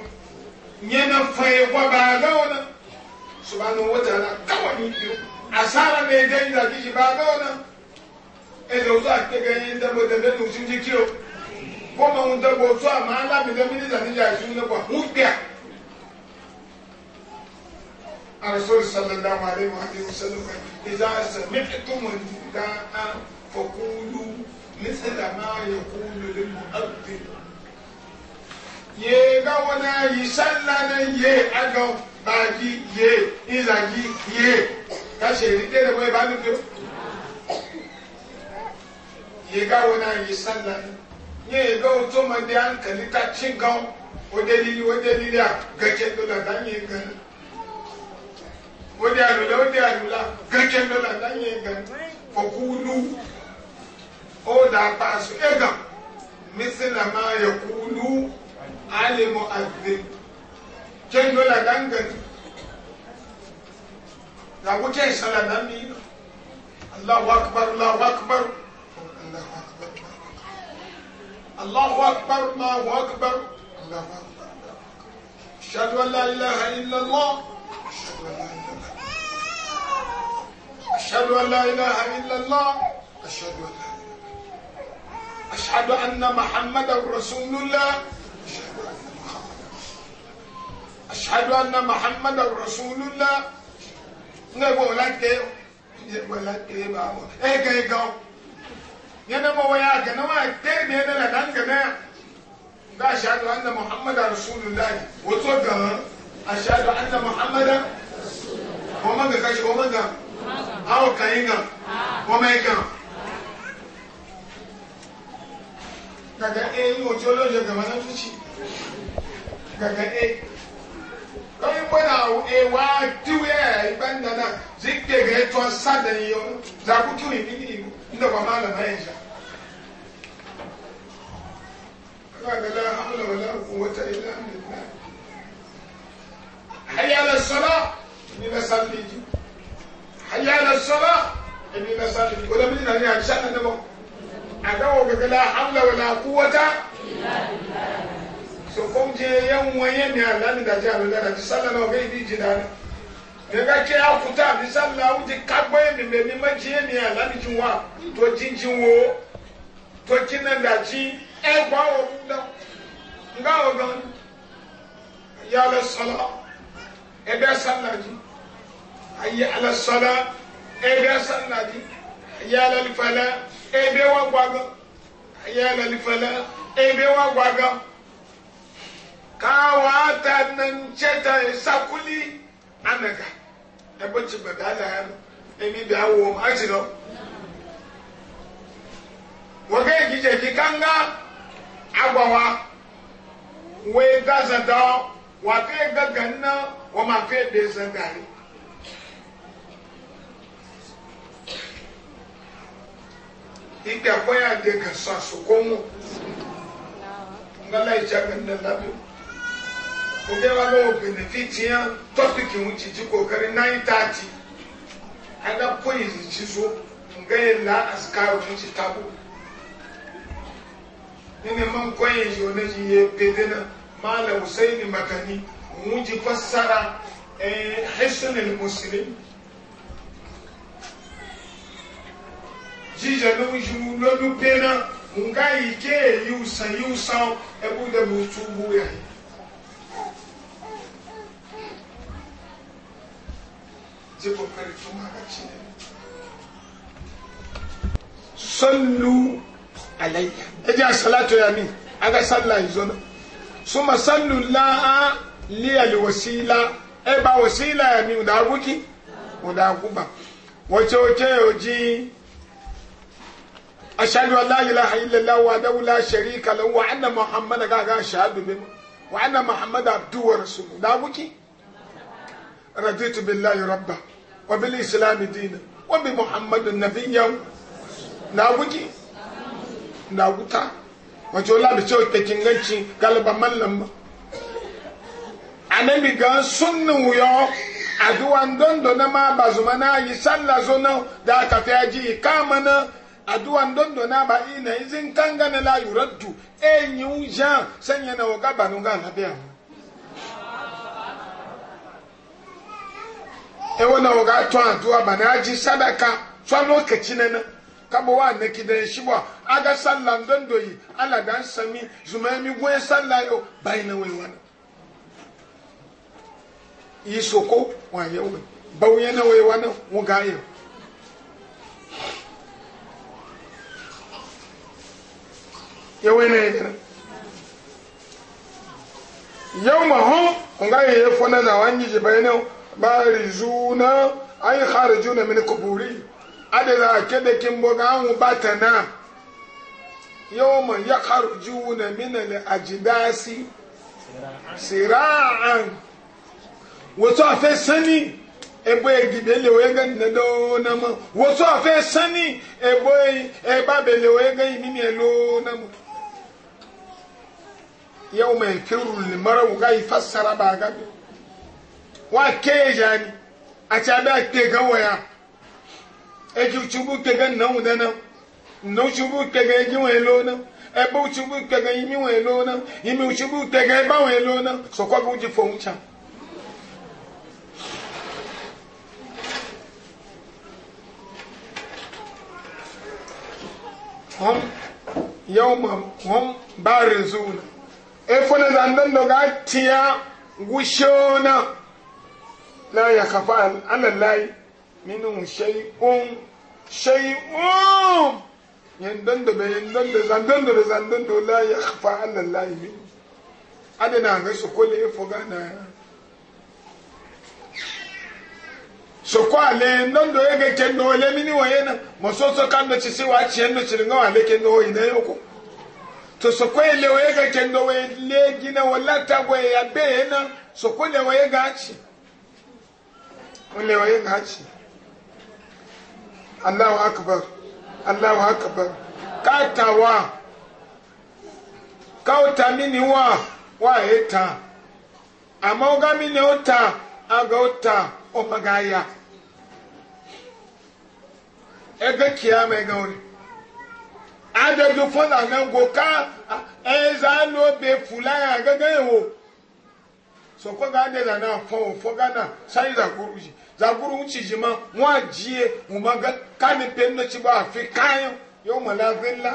nyẹ na fún ẹ wọ́n bá a lọ́wọ́ náà subahana wọ́n tẹ̀ ẹ́ káwọn ní ìdíwọ́ àsára mi dé ní ìdàkejì bá a lọ́wọ́ náà ẹ̀ lọ́wọ́ àtẹ̀gẹ́ yẹn dẹ́gbẹ́ dẹ́gbẹ́ lọ́wọ́ sí ní kí o wọ́n ń dẹ́gbẹ́ oṣù àmọ́ alábìlẹ́ mínísà níjà ìṣúná الرسول صلى الله عليه وآله وسلم إذا سمعتم النداء فقولوا مثل ما يقول للمؤذن ye gawana yi sallana ye agaw baki ye izagi ye ka seri tere boye ba nuto ye gawana yi sallana ye gaw to mande an kali ka cin gaw o delili o delili a gace dola dan ye gana ودي ألولا ودي ألولا كتن لولا لا ينغن فقولوا أو دا باسو إيغا مثل ما يقولوا على مؤذن كتن لولا دانغن لا وجه سلا نمي الله أكبر الله أكبر الله أكبر الله أكبر ما هو أكبر الله أكبر أشهد أن لا إله إلا الله أشهد أن لا إله أشهد أن لا إله إلا الله أشهد أن لا إله أشهد أن محمدا رسول الله أشهد أن محمدا أشهد أن محمدا رسول الله نقول لك نقول لك يا بابا إيه جاي جو ينا ما وياك أنا ما تربي أنا لا تنسى أشهد أن محمدا رسول الله وتوقع أشهد أن محمدا ومن غش ومن غش awo kan yi kan wɔmɛ yi kan gàgà e yìí wò tí olóòjọ gàmà náà tó tsi gàgà e lọ́yìn bọ́nà e wá diwú yẹ ìgbà nana zi gbègbè tó sádà yìí yọ zakutu yìí níbi yìí ndọ̀kọ̀ máa lọ náà yẹ jà. gàgàlà amúlọ̀wọ̀lá wọ́tà ilé àmì náà ayé alẹ́ sọ́lá ní bẹ́sà lè jù. حي على الصلاة إني لصالح ولا من أن na أنا أدعو بك حول ولا قوة سوكم جي يوم وين يا لان na لان تصلى لو في دي جدار daga ke akuta bi sallah uji kagbe mi me mi maji mi ala mi juwa to jinjin wo to kinan da ji e da nga o gan ya la sala ji ayé alasọ́lá ẹgbẹ́ sànàdí ayé alalifẹ́lẹ́ ẹgbẹ́ wà gbàgán ayé alalifẹ́lẹ́ ẹgbẹ́ wà gbàgán káwọn àtànàǹtsẹ́ta ìsakúlì anàgà ẹgbẹ́ tí bàtà àlàyé ẹni bí awọ àti lọ wọ́gẹ́ ìjíjẹ́ kí kánga agbawa wọ́n ẹ̀ dá zan wọ́n àti ẹ̀ gángan wọ́n máa fi ẹ̀ dé zan dán ikpe akwaya de ka sa so komo ngala ija ganna labi oge wa lo benefit ya topic mu ci ci kokari 930 ada point ci so ngai la askar mu ci tabu nene man koyin ji wani ji ya bedena mala husaini makani mu ji fassara eh hisnul muslim jíjẹ ló ń ju lọ́dún pé náà nǹka yìí ké yìí sàn yìí sàn ẹbú dẹ̀bù tó wú yà. Jẹ́kọ̀ pẹ̀lú tó máa ká kí ni. Sọ́lù àlàyé. Ẹ jẹ́ àṣàlátọ̀ yà mí, aga sálà ìzọ́nà. Súnmọ́ sálù láá lé àlèwọ̀sílá. Ẹ bá wọ̀sílá yà mí, ọ̀dà agúkí, ọ̀dà agúbà. Wọ́n tí ó jẹ́ òjì. أشهد أن لا إله إلا الله وحده لا شريك له وأن محمدا كاكا شهاد بما وأن محمدا عبده ورسوله لا بكي رضيت بالله ربا وبالإسلام دينا وبمحمد نبيا لا بكي لا بكي wato la bi cewa kekin ganci galiba mallam ba anabi ga sunnu yo دون dondo na ma bazuma دا yi sallah zo aduwan dondo na ba ina izin kanga na la yuraddu enyi ujan sanya na waga banu na biya ewo na waga to aduwa bana aji sadaka twa lokaci na na kabo wa na kidan shi ba aga sallan dondo yi ala dan sami zumami gwe sallayo bayna wai wana yi soko wa yawo we na wai wana mu ga yau ya wani yana yau ma hun kun ga yi efo na na wani ji bayanin ba rizuna an yi haraju na mini kuburi adada ke da kin boga an ba ta na yau ma ya haraju na mini na ajidasi sira'an wato a fai sani ebo egibe lewe ga nnedo na ma wato a fai sani ebo eba e be belewe ga imimi elo na ma yau mai kirul ni mara wuga yi fassara ba ga wa ke ya ni a ci abin ake ga waya e ki chubu ke ga na wuda na no chubu ke ga yi wa elo na e bo chubu ke ga yi wa elo na yi mi chubu ke ga ba wa elo na so kwa bu ji fo ncha هم يوم هم بارزون efuna zandan daga tiya gushona la ya kafa alallahi minun shay'un shay'un yandan da yandan da zandan da zandan da la ya kafa alallahi min adana ga su kole fuga na so ko ale nan do yake kendo ole mini wayena mososo kando chisi wa chiendo chilinga wale ndo ina yoko to sokwe le ga kendo we gina wala ta we ya be na sokwe le we ga chi le we ga chi Allahu akbar Allahu akbar katawa kauta mini wa wa eta ama oga mini ota aga ota o magaya ebe kiyama ega ori adọ́gbé fọ́nà mẹ́ngò ká ẹ̀ẹ́zá ló bẹ fúláyà gẹ́gẹ́ ìwò sọ̀kọ́ gáàdé lànà fọ́n ò fọ́ gánà sáyé zàkúrú jì zàkúrú ń tì jì má wọ́n á jí e wọ́n má gá káni pé ń lọ́tí bá àfi káyọ̀ yóò mọ̀ láfi ńlá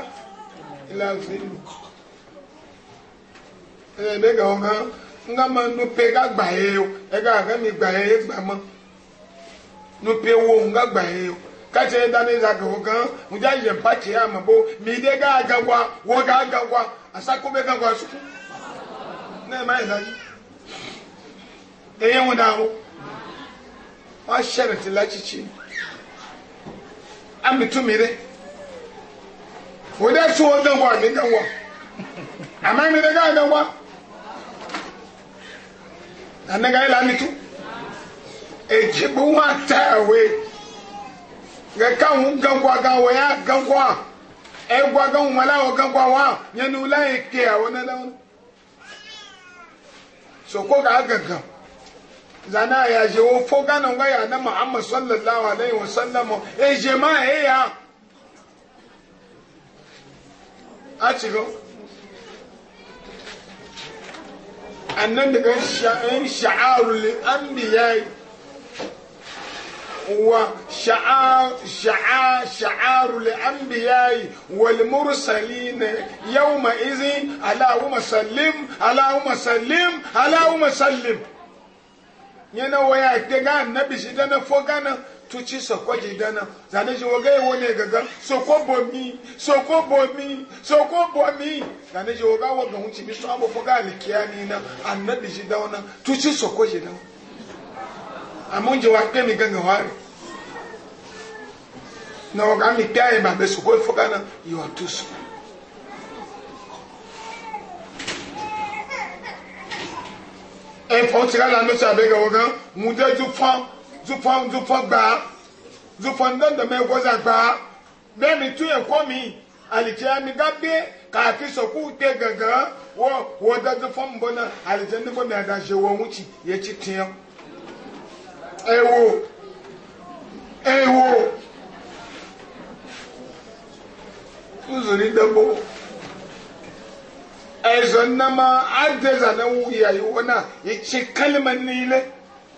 láfi ńlù. ẹ̀ ẹ̀ gà ọ̀gá ńgá máa nu pé gá gbà yẹ o ẹ̀ e gà àgá mi gbà yẹ gbà mọ́ nu pé wo ńgá gbà yẹ o kace da ne za ka hukan mu ya mabo mi de ga gagwa wo ga gagwa a sa ko be gagwa su ne mai za ji e yin da mu ma sharati la ci ci an bitu mire wo da su wo gagwa ni gagwa amma mi de ga gagwa annaga ila mitu ejibu wa tawe ga kan hun gangwa ga waya gangwa ai e gwa gan mala wa gangwa wa ya nu la yake e a wani da wani so ko ga gangan zana ya je wo fo ganan ga ya na Muhammad sallallahu alaihi wasallam e je ma e ya a ci go annan daga sha'arul anbiya وشعار شعار شعار الأنبياء والمرسلين يومئذ اللهم سلم اللهم سلم اللهم سلم yana waya daga annabi shi dana fo gana tuci soko ji dana zane shi waga yi wani gaga soko bomi soko bomi soko bomi zane shi waga waga hunci bi su abu fo ga alikiyani na annabi shi dauna tuci soko ji dauna amonje wa kpe mi gangan wa re na ọga mi kpe ayé ma bẹ sọ kó fọkà náà you are too small. ẹnfọn tìrẹ la mẹsàn abẹgẹ wọn gan ń dẹ zufọn zufọn zufọn gbà zufọn dandanmẹ wọza gbà bẹẹ mi tún ẹkọ mi àlìkẹ́ mi gá gbé kàfi sọkú dé gangan wọ wọ dẹ zufọn bọ náà àlìkẹ́ nífọ̀mí àdàṣe wọn ń ti yẹ ti tiẹ́ ẹ̀wò ẹ̀wò nzuri dẹ́gbó ẹ̀zọ̀ nnama adẹ́zà náà wúyà yíwọ́ náà yìí tsi kálímà nílé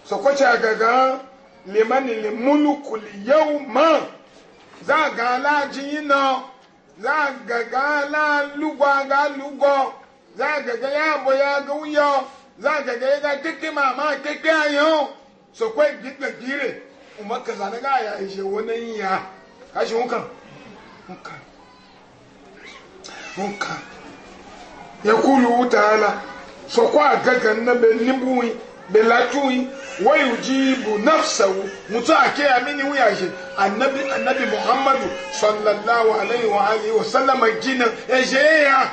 sọkọ́tsì àgàgà lèmánì lèmúlùkùlì yẹ́wò mọ́ záàgà aláàjìyìn náà záàgàgà aláàlúgbọ́ àgàlúgbọ́ záàgàgà yàbọ̀ yàgà wúyọ záàgàgà yàgà kéké màmá kéké ayọ́ so kwa gidga gire umma ka zane ga ya ishe wani ya kashi hunkan hunkan hunkan ya kulu ta'ala so kwa gagan na be nibuwi be latuwi wa yujibu nafsahu mutu ake amini wuya shi annabi annabi muhammadu sallallahu alaihi wa alihi wa sallama gina ya je ya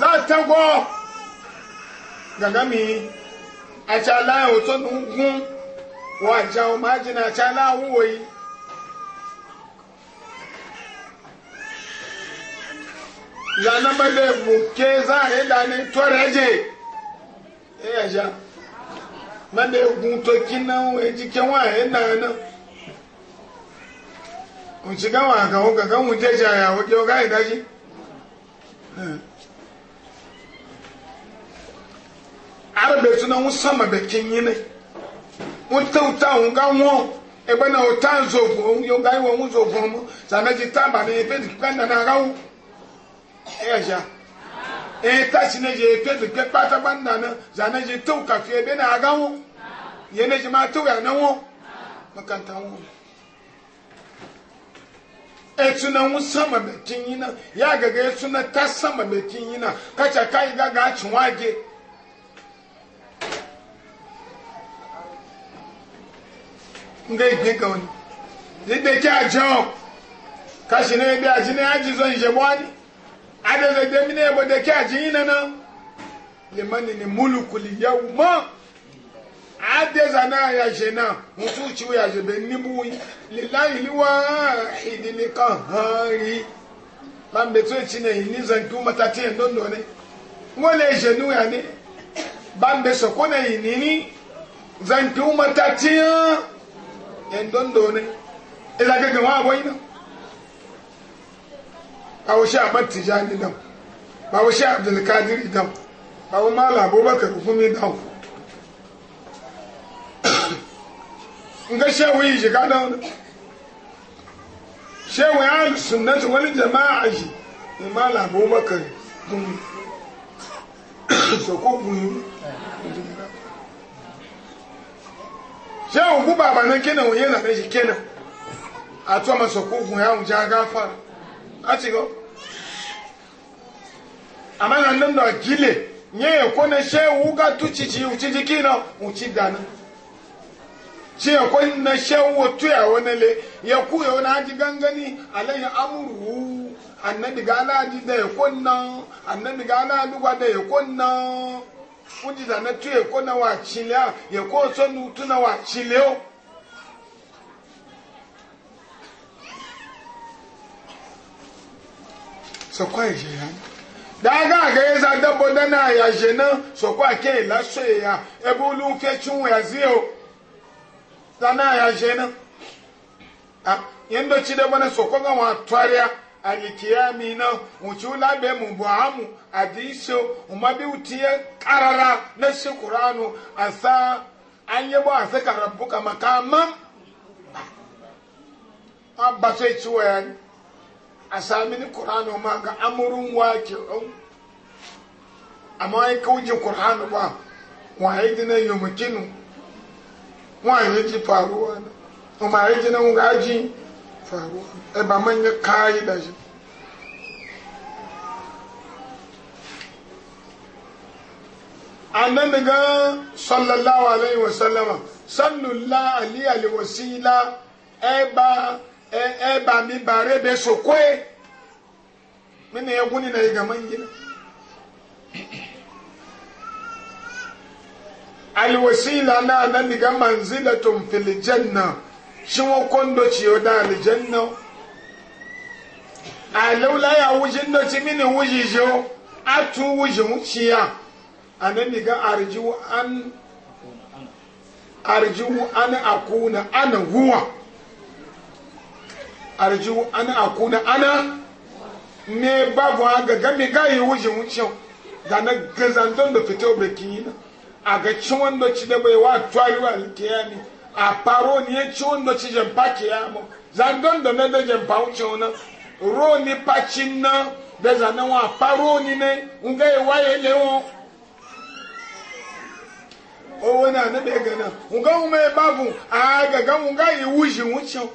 za ta go gagami achala oto nugun wa jawo majina achala woyi lana mele buke za re dani toreje e ja mele gun to kina o eji ke wa e na na o ti ga wa ga o ga ga mu deja ya o ga idaji eh hmm. arabe suna ŋun sama bɛ kye nyine ŋun tɛ ŋun ta ŋun ebe na o ta zo vun ŋun ka iwɔ ŋun zo vun mu zame ti ta ba ne epe ti ka nana ka wu eya ja eye ta si ne je epe ti ke nana zame ti tew ka ebe na ka wu ye na je ma tew ya na wu makanta etu na ŋun sama bɛ kye ya gɛgɛ etu na ta sama bɛ na kacha ka yi ga ga ati nga igbe ga wani igbe ki a kashi na ebe aji na aji zon ije wani adada da mini ebo da ki aji yi na, limani ni mulukuli ya ma adeza na ya je na mutu ci ya je be nibu lillahi liwa idili kan hari ban be to ci ne ni zan tu mata ti ndon do ne wole je ya ne ban be so ko ne ni ni zan tu mata ti en dondo ne ila ga gawa waina awo sha batti jani dan bawo sha abdul kadir dan bawo mala abubakar fumi dan nga sha wayi ji ga dan sha wayi sunnatu wal jamaa ji mala abubakar fumi so ko bunu yawon guba ba nan kenan na yana mai kenan a tuwa masa kogun yawon ja gafara a ci go amma nan nan da gile nye ya kone she wuga tuci ci uci jiki na uci dana ci ya kone na she wotu ya wani le ya ku ya wani haji gangani alayin amuru annabi ga ala da ya kone na annabi ga ala da ya kone nan fuji na tu ko na wa chile a ye so nu tu na wa chile o so kwa ya da ga ga ye za na ya je na so ke la so ya e bu lu ya zi o da na ya je na a yendo chi da bana so ga wa twaria alikiyami na la labe mu buhamu adiso umabi utiye karara na shi kuranu asa an yabo a saka rabu kama kama an ba sai ciwo ya ni a sami ni kuranu ma ga amurin wake on amma ya kauce kuranu ba wa ya dina yomukinu wa ya ji faruwa na kuma ya dina ngaji faruwa e ba manya kayi da shi annabi ga sallallahu alaihi wasallama sallallahu alaihi alwasila e ba e ba mi bare be sokwe mini ya guni na ga mangi alwasila na annabi ga manzilatun fil janna shiwo kondo ciyo da aljanna a laula ya wujin da ci mini wuji jo a tu wuji wuciya a nan ga arjiwu an arjiwu an akuna ana huwa arjiwu an akuna ana ne babu aga gami gayi wuji wuciya da na gazan don da fito bakin yi a ga ci wanda ci da bai wa tuwayi wa alkiyami aparo ni etsi wo nɔtsi dze mpaki ya mo zandondo ne de dze mpawo tsi wo na ro ni patsi na de zane wo aparo ni ne nga ye wa ye le wo owo na ne be gana nga wo me bavu aga ga wo nga wu ji wo tsi wo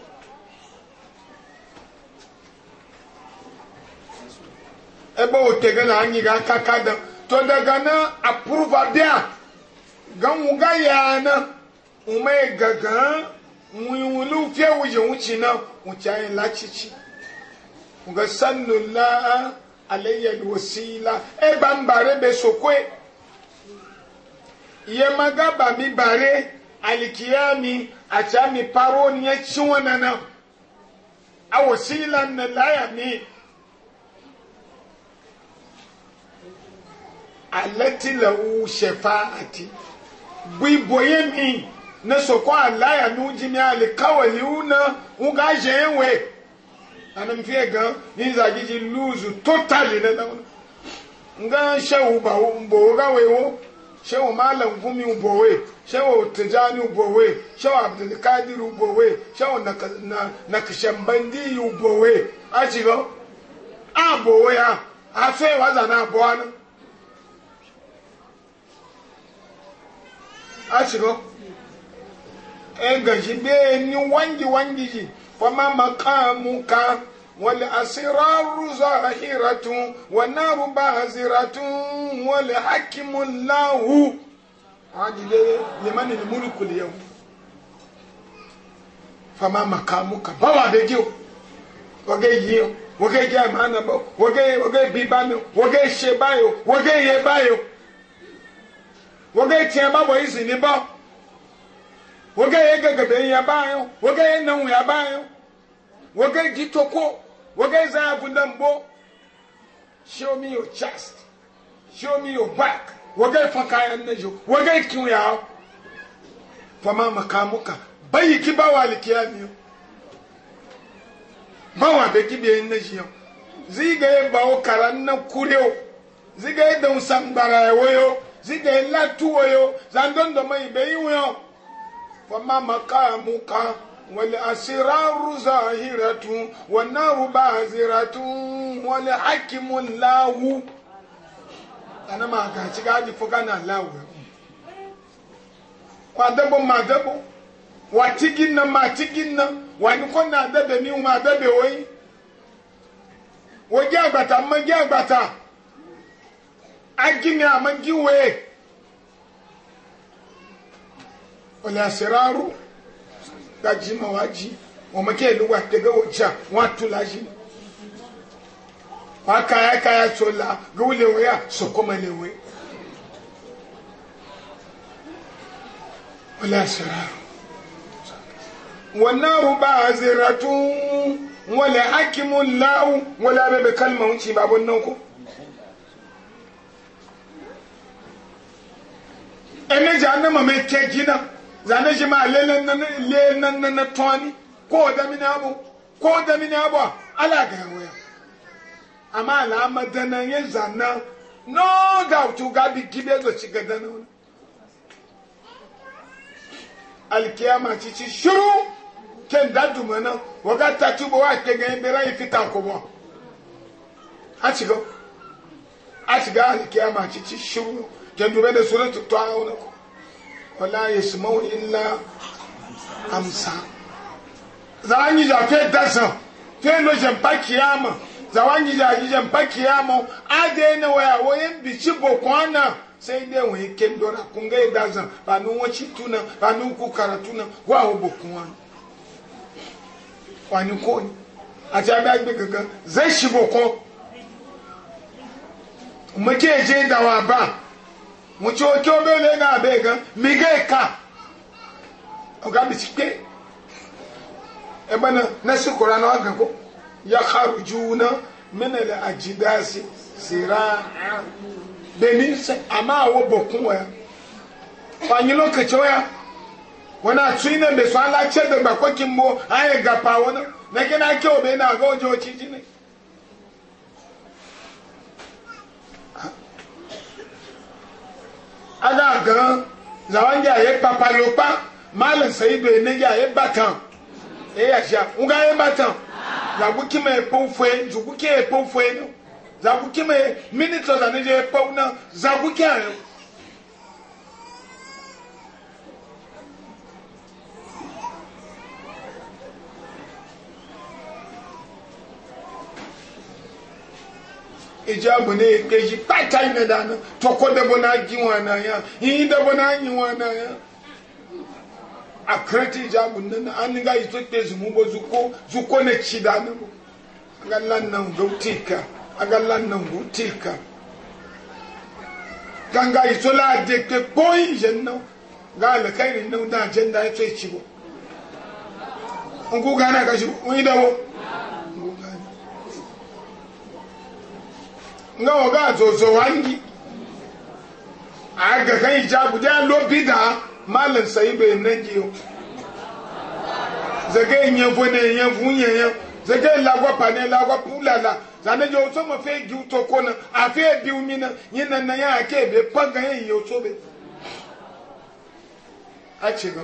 ebe wo tege na anyi ga kaka da to daga na approve abia ga nga ya na. ume gagan wiwulu um fiye wuje wuce na wuce ayin lacici ga sannu la alayyar wasila e ba n bare be sokwe iye maga ba mi bare alikiyami acha mi paro ni ya ci na a wasila na la ya mi alati lahu shafa'ati bi boye mi na soko alaya nu jimi ali kawali una unga jenwe e ana mfie gan ni za jiji lose totally na na nga shewu ba mbo ga wewo shewu malam gumi ubowe shewu tijani ubowe shewu abdul kadir ubowe shewu na na kishambandi ajiro ajigo abowe ya afe waza na aboana ajiro gashi be ni wangi wangi ji fama maqamu ka wal asraru zahiratu wan naru bahziratu wal hakimu lahu ajile liman al mulku al yawm fama maqamu ka bawa be jo wage yi wage ja mana bo wage wage bi ba mi wage she bayo wage ye bayo wage tian ba bo izini bo woge ye gegebe ya bayo woge ye nan ya bayo woge ji toko woge za ya fundan bo show me your chest show me your back woge fakayan na jo woge kin ya fama makamuka bayi ki ba wali kiyami ba wa be ki be na ji ziga ye ba o karan na kureo ziga ye dan sangbara yo ziga ye latuwo yo zandon do mai be yi wo وما مقامك والأسرار ظاهرة والنار بازرة والحكم الله أنا ما أكاتي قاعد فوقنا الله kwadabo ma dabo wa tigin na ma tigin na wa ni ko na dabe mi ma dabe woyi wo jẹ agbata mo jẹ agbata agimi amagi wee. wala siraru da ji ma wa ji wa make lu wa daga wajja wa tula ji wa kaya kaya tsola ga wule waya so kuma lewe wala siraru wannan ruba ziratun wala hakimun la'u wala bebe kalma wuce babun nan ko ene jahannama mai ke gina zane shi ma le nan nan na toni ko da mini abu ko da mini abu ala ga waya amma ala madana ya zanna no doubt ga bi gibe go ci ga dana wani alkiyama ci ci shuru ken da dumana waga ta ci bo wa ke ga bera yi fitan ko bo a ci go a ci ga alkiyama ci ci shuru ken dube da suratul ta'awun ko wala yasmau illa amsa zawanyi ja fe dasan fe no jan pakiyama zawanyi ja ji jan pakiyama ade na waya wayen bici bokwana sai dai wani kendora kun ga dasan ba nun waci tuna ba nun ku karatuna wa ho bokwana wani ko ni àti abẹ́gbẹ́ kankan zẹ́ ṣìbò kan mọ́kí èjé ìdáwà ba. mucho oke obele ga abe ga mige ka oga bi e ebana eh, nasi kora na aga ko ya kharujuna min al ajdasi sira benin se ama wo bokun wa fanyi lokaci ya wani atu ina da su ala ce da bakwai kimbo an ga gafa wani na gina kyau bai na ga ojo o ne ada gan lawan ja ye papa lo pa mal sai do ne ja ye batan e ya sha unga ye batan za ku kime pomfwe zu ku ke pomfwe no za ku kime minutes za ne je pau na za ku ke ijabu ne keji pata ina dana to ko da bona giwa na ya yin da bona yiwa na ya akreti ijabu nan an ga ito te zumu bo zuko zuko ne ci dana ga lan nan gautika aga lan nan gautika ganga ito la de ke koyin jenna ga alkhairin nan da jenda ito ci bo ungu gana kashi unyi dawo nga oga zozo wangi aga kan ijabu da lo bida malin sai be nangi yo zage nye fo ne nye fu nye ye zage la gwa pa ne la gwa pula la zane jo so mo fe gi to ko na a fe bi mi na nye na na ya ke be paga ye yo so be a che go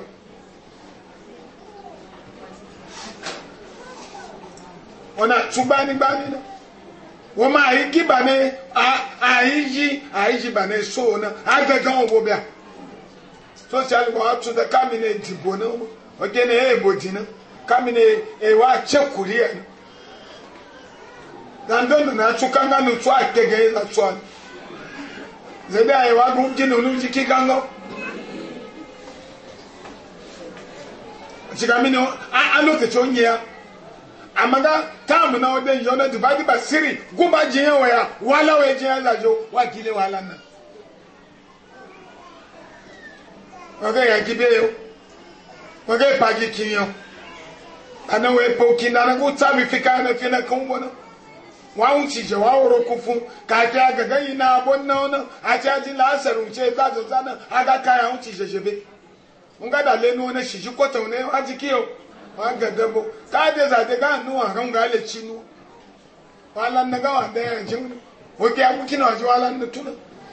ona tuba ni gba wọ́n máa yí kí bàmí àyíyí àyíyí bàmí sóò náà àgbẹ̀gẹ́ wọn wò bíà sosiali wọn atún dẹ kámi ní ìdìbò náà ọjọ́ ní èèbò dìínà kámi ní èèwọ̀ àkyẹ́kùrí ẹ̀ dandonu náà tún kanga ní tún àgbẹ̀gẹ́ yìí látọ́ àná zèbí àyẹ̀wò àdúgbò jí ní olùjí kí gángan. Jìgàmínú, a lókè tí ó ń yẹ ya amada taamu na ɔde nyɔ na divide by siri guba jiyan wɔ ya wala wɔ jiyan zazo wa kile wala na wɔkɛ yaki be yo wɔkɛ paki kin yo ana wo epo kin na ko tabi fi na fi na kan bɔ na wa ŋun ti jɛ wa wɔrɔ ko fun k'a kɛ a gɛgɛ yi na a bɔ na o na a ti a ti la a sɛri o ti ta zɔzɔ na a ka ka ya ŋun ti jɛ jɛ wa gada bo ka de za de ga nu wa kan ga le chi nu wa lan na ga wa de ya ji mu wo ke amu kina ji wa lan na tuna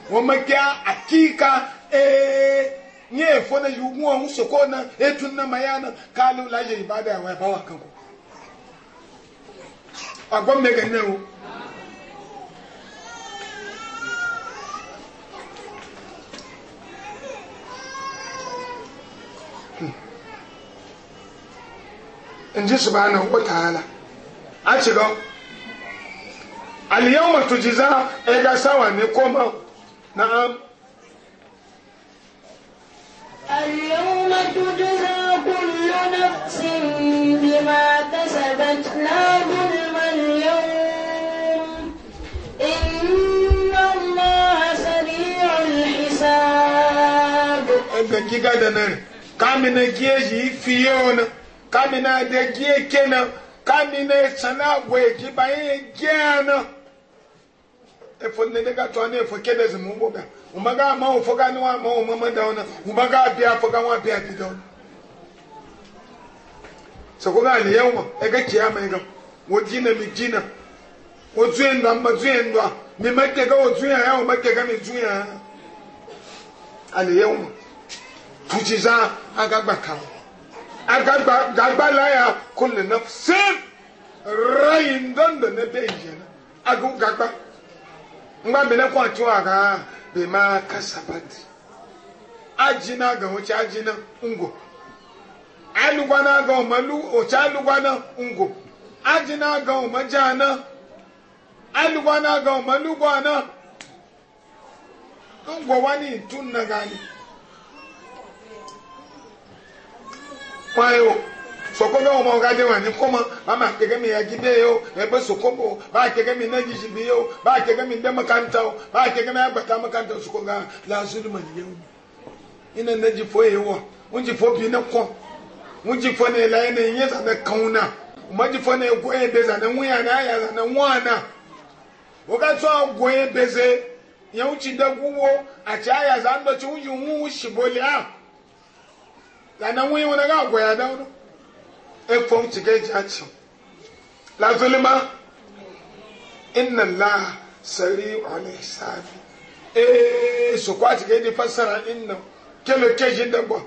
wo ma ke akika eh nye fo na ju mu on so ko na e tun na maya na ka lu la je ibada wa pa wa kan ko agbon me ga ne o in ji subhanahu wa ta'ala a ci gan aliyan mutu ji za sawa ne koma na am اليوم تجزى كل نفس بما كسبت لا ظلم اليوم إن الله سريع الحساب. أنت كي قاعدة نري كامل نجيجي في يوم Kamina na de gie kena kamina na sana bwe ki ba ye giana e fo ne de to ne fo kede zimu boga umaga ma o foga ni wa ma o mama da ona umaga bi afoga wa bi abi do so ko ga ne yawo e ga kiyama e ga wo jina mi jina wo zuen da ma zuen da mi make ga wo zuen ya wo make ga mi zuen ya ale yawo tuchiza agagba kawo agagbala ya kulle na sin rayin don da na ebe yi na agun gagba ngba bi na kwa wa ga bi ma kasabati ajina ga wuce ajina ngo na ga umalu oce na ngo ajina ga umajana alugwana ga na ngo wani tun na gani kwayo sokobe wo ma ga de wani koma ba ma kege mi ya gide ba kege mi na bi yo ba kege mi de makanta o ba kege mi agbata makanta suko ga la zulma ye ina na ji fo ye wo un ji fo bi na ko un ji fo ne la ina yin sa na kauna ma ji fo ne ko e be sa na wuya na ya sa na wana wo ga so go e be se yan uchi da guwo a cha ya za ndo chi un ji un shi lana ŋun yi wọn ga agɔya da wọn efom ti ke gya kyɛw inna laa sari ɔne saabi ee sokɔ ati ke nifa sara inna kele keji dabɔ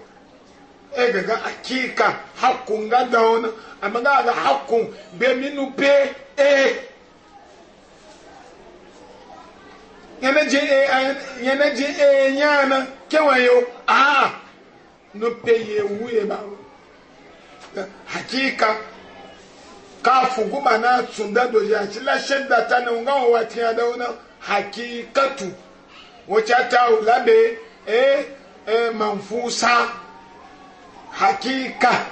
e gaga akika hakun ga da wọn ama ga ga hakun bɛ minnu pe ee. yɛnɛ gye ee yɛnɛ gye ee nyaana kɛwɛn yi o aa. Ah no peye wuye ba hakika kafu guba na tsunda doji a ci lashe da ta nan gawa wati ya dauna hakikatu wacce ta labe e e manfusa hakika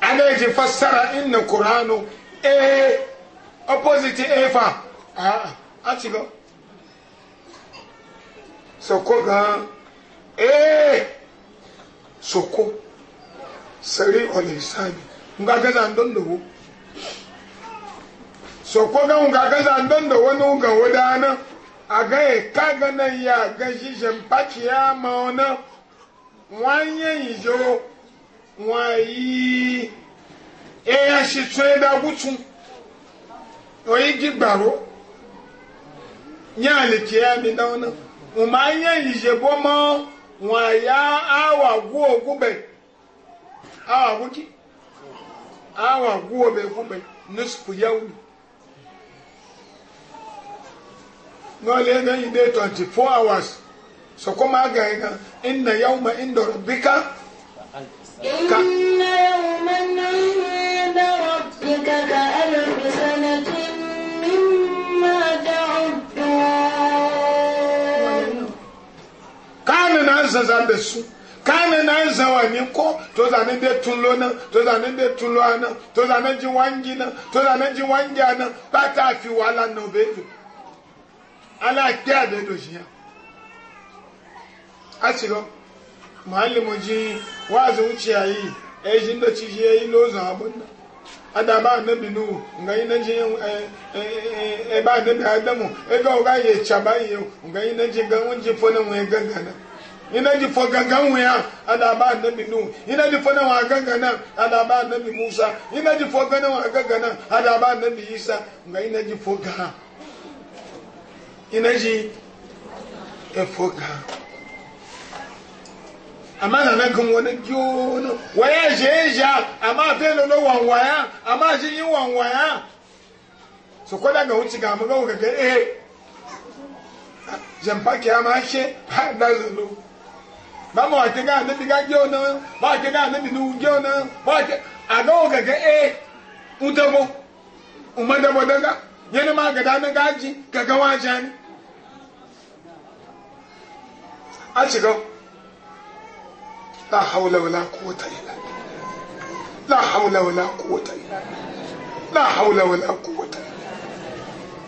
ana yi fassara inna Quranu e opposite efa ah, ah, a ci gaba soko gan ee eh! soko sari ọlẹ isaani nga gaza ndondowo soko gan nga gaza ndondowo ni nga wo daana aga eka gana ya aga ṣiṣẹ mpaki ya ma ọna wọn yẹ ìjọ wọn yí eya ṣètò ẹdá gútùn oyi gbàrú nyẹ àlèkè ya mi dáwọn náà. umanye yijebo mo waya awa guo gube awa guki awa guo be gube nusku yau no ebe ga inde 24 hours so kuma ga ga ya yawma inda rabbika ka zanzan bɛ su kaani na zawa ni kɔ to zani de tunlo na to zani de tunlo ana to zani ji wanji na to zani ji wanji ana ba ta fi wala na o bɛ do ala kpe a bɛ do ziya a sigɔ muhalimu ji waazi wuce a yi ɛzi ndo ci zi yi lo zan a bɔ na adaba anabi nu nga yi nagye ɛɛ ɛɛ ɛba anabi adamu ega o ga yɛ kyaba yi o nga yi nagye ga wɔn gye fo na wɔn ega gana ina di fo gangan wuya ana ba annabi nu ina di fo na wa gangana ana ba annabi musa ina di fo gana wa gangana ana ba annabi isa nga ina di fo ga ina ji e fo ga amma na na gan wani gyono waya jeja amma fe lolo wanwaya amma shi yin wanwaya so ko daga wuce ga mu ga ga eh jampa kiyama she ha da zulu ba ma wake ga annabi ga je ona ba wake ga annabi nu je ona ba wake a ga o gaga e udabo umma da bodaga yana ma ga dana gaji ga ga wajani a shiga la haula wala quwwata illa la haula wala quwwata illa la haula wala quwwata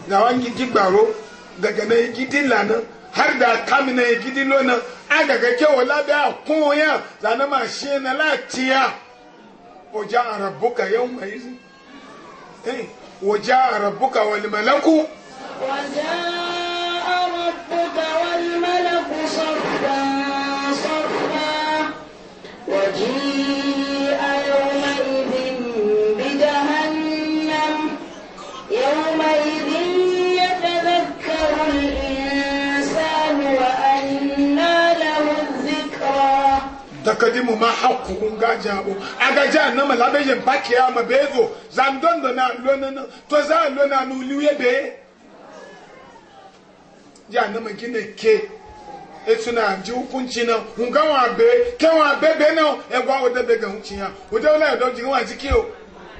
da wangi jigbaro daga na gidi lana har da kamina gidi lona agagake wɔ labɛn akun yɛ zanne ma se na la tia wòjá arabuka yɛn ma yi si eh, wòjá arabuka wàlímɛlɛku. wòjá. kadimu ma haku nga jabo aga ja na ma labe yin pake ya ma bezo zam don don na lo na to za lo na nu liwe be ja na ma gine ke etu na ji hukunci na hunga wa be ke wa be be na e gwa wo de be ga hunci ya wo de na e do ji wa ji ke o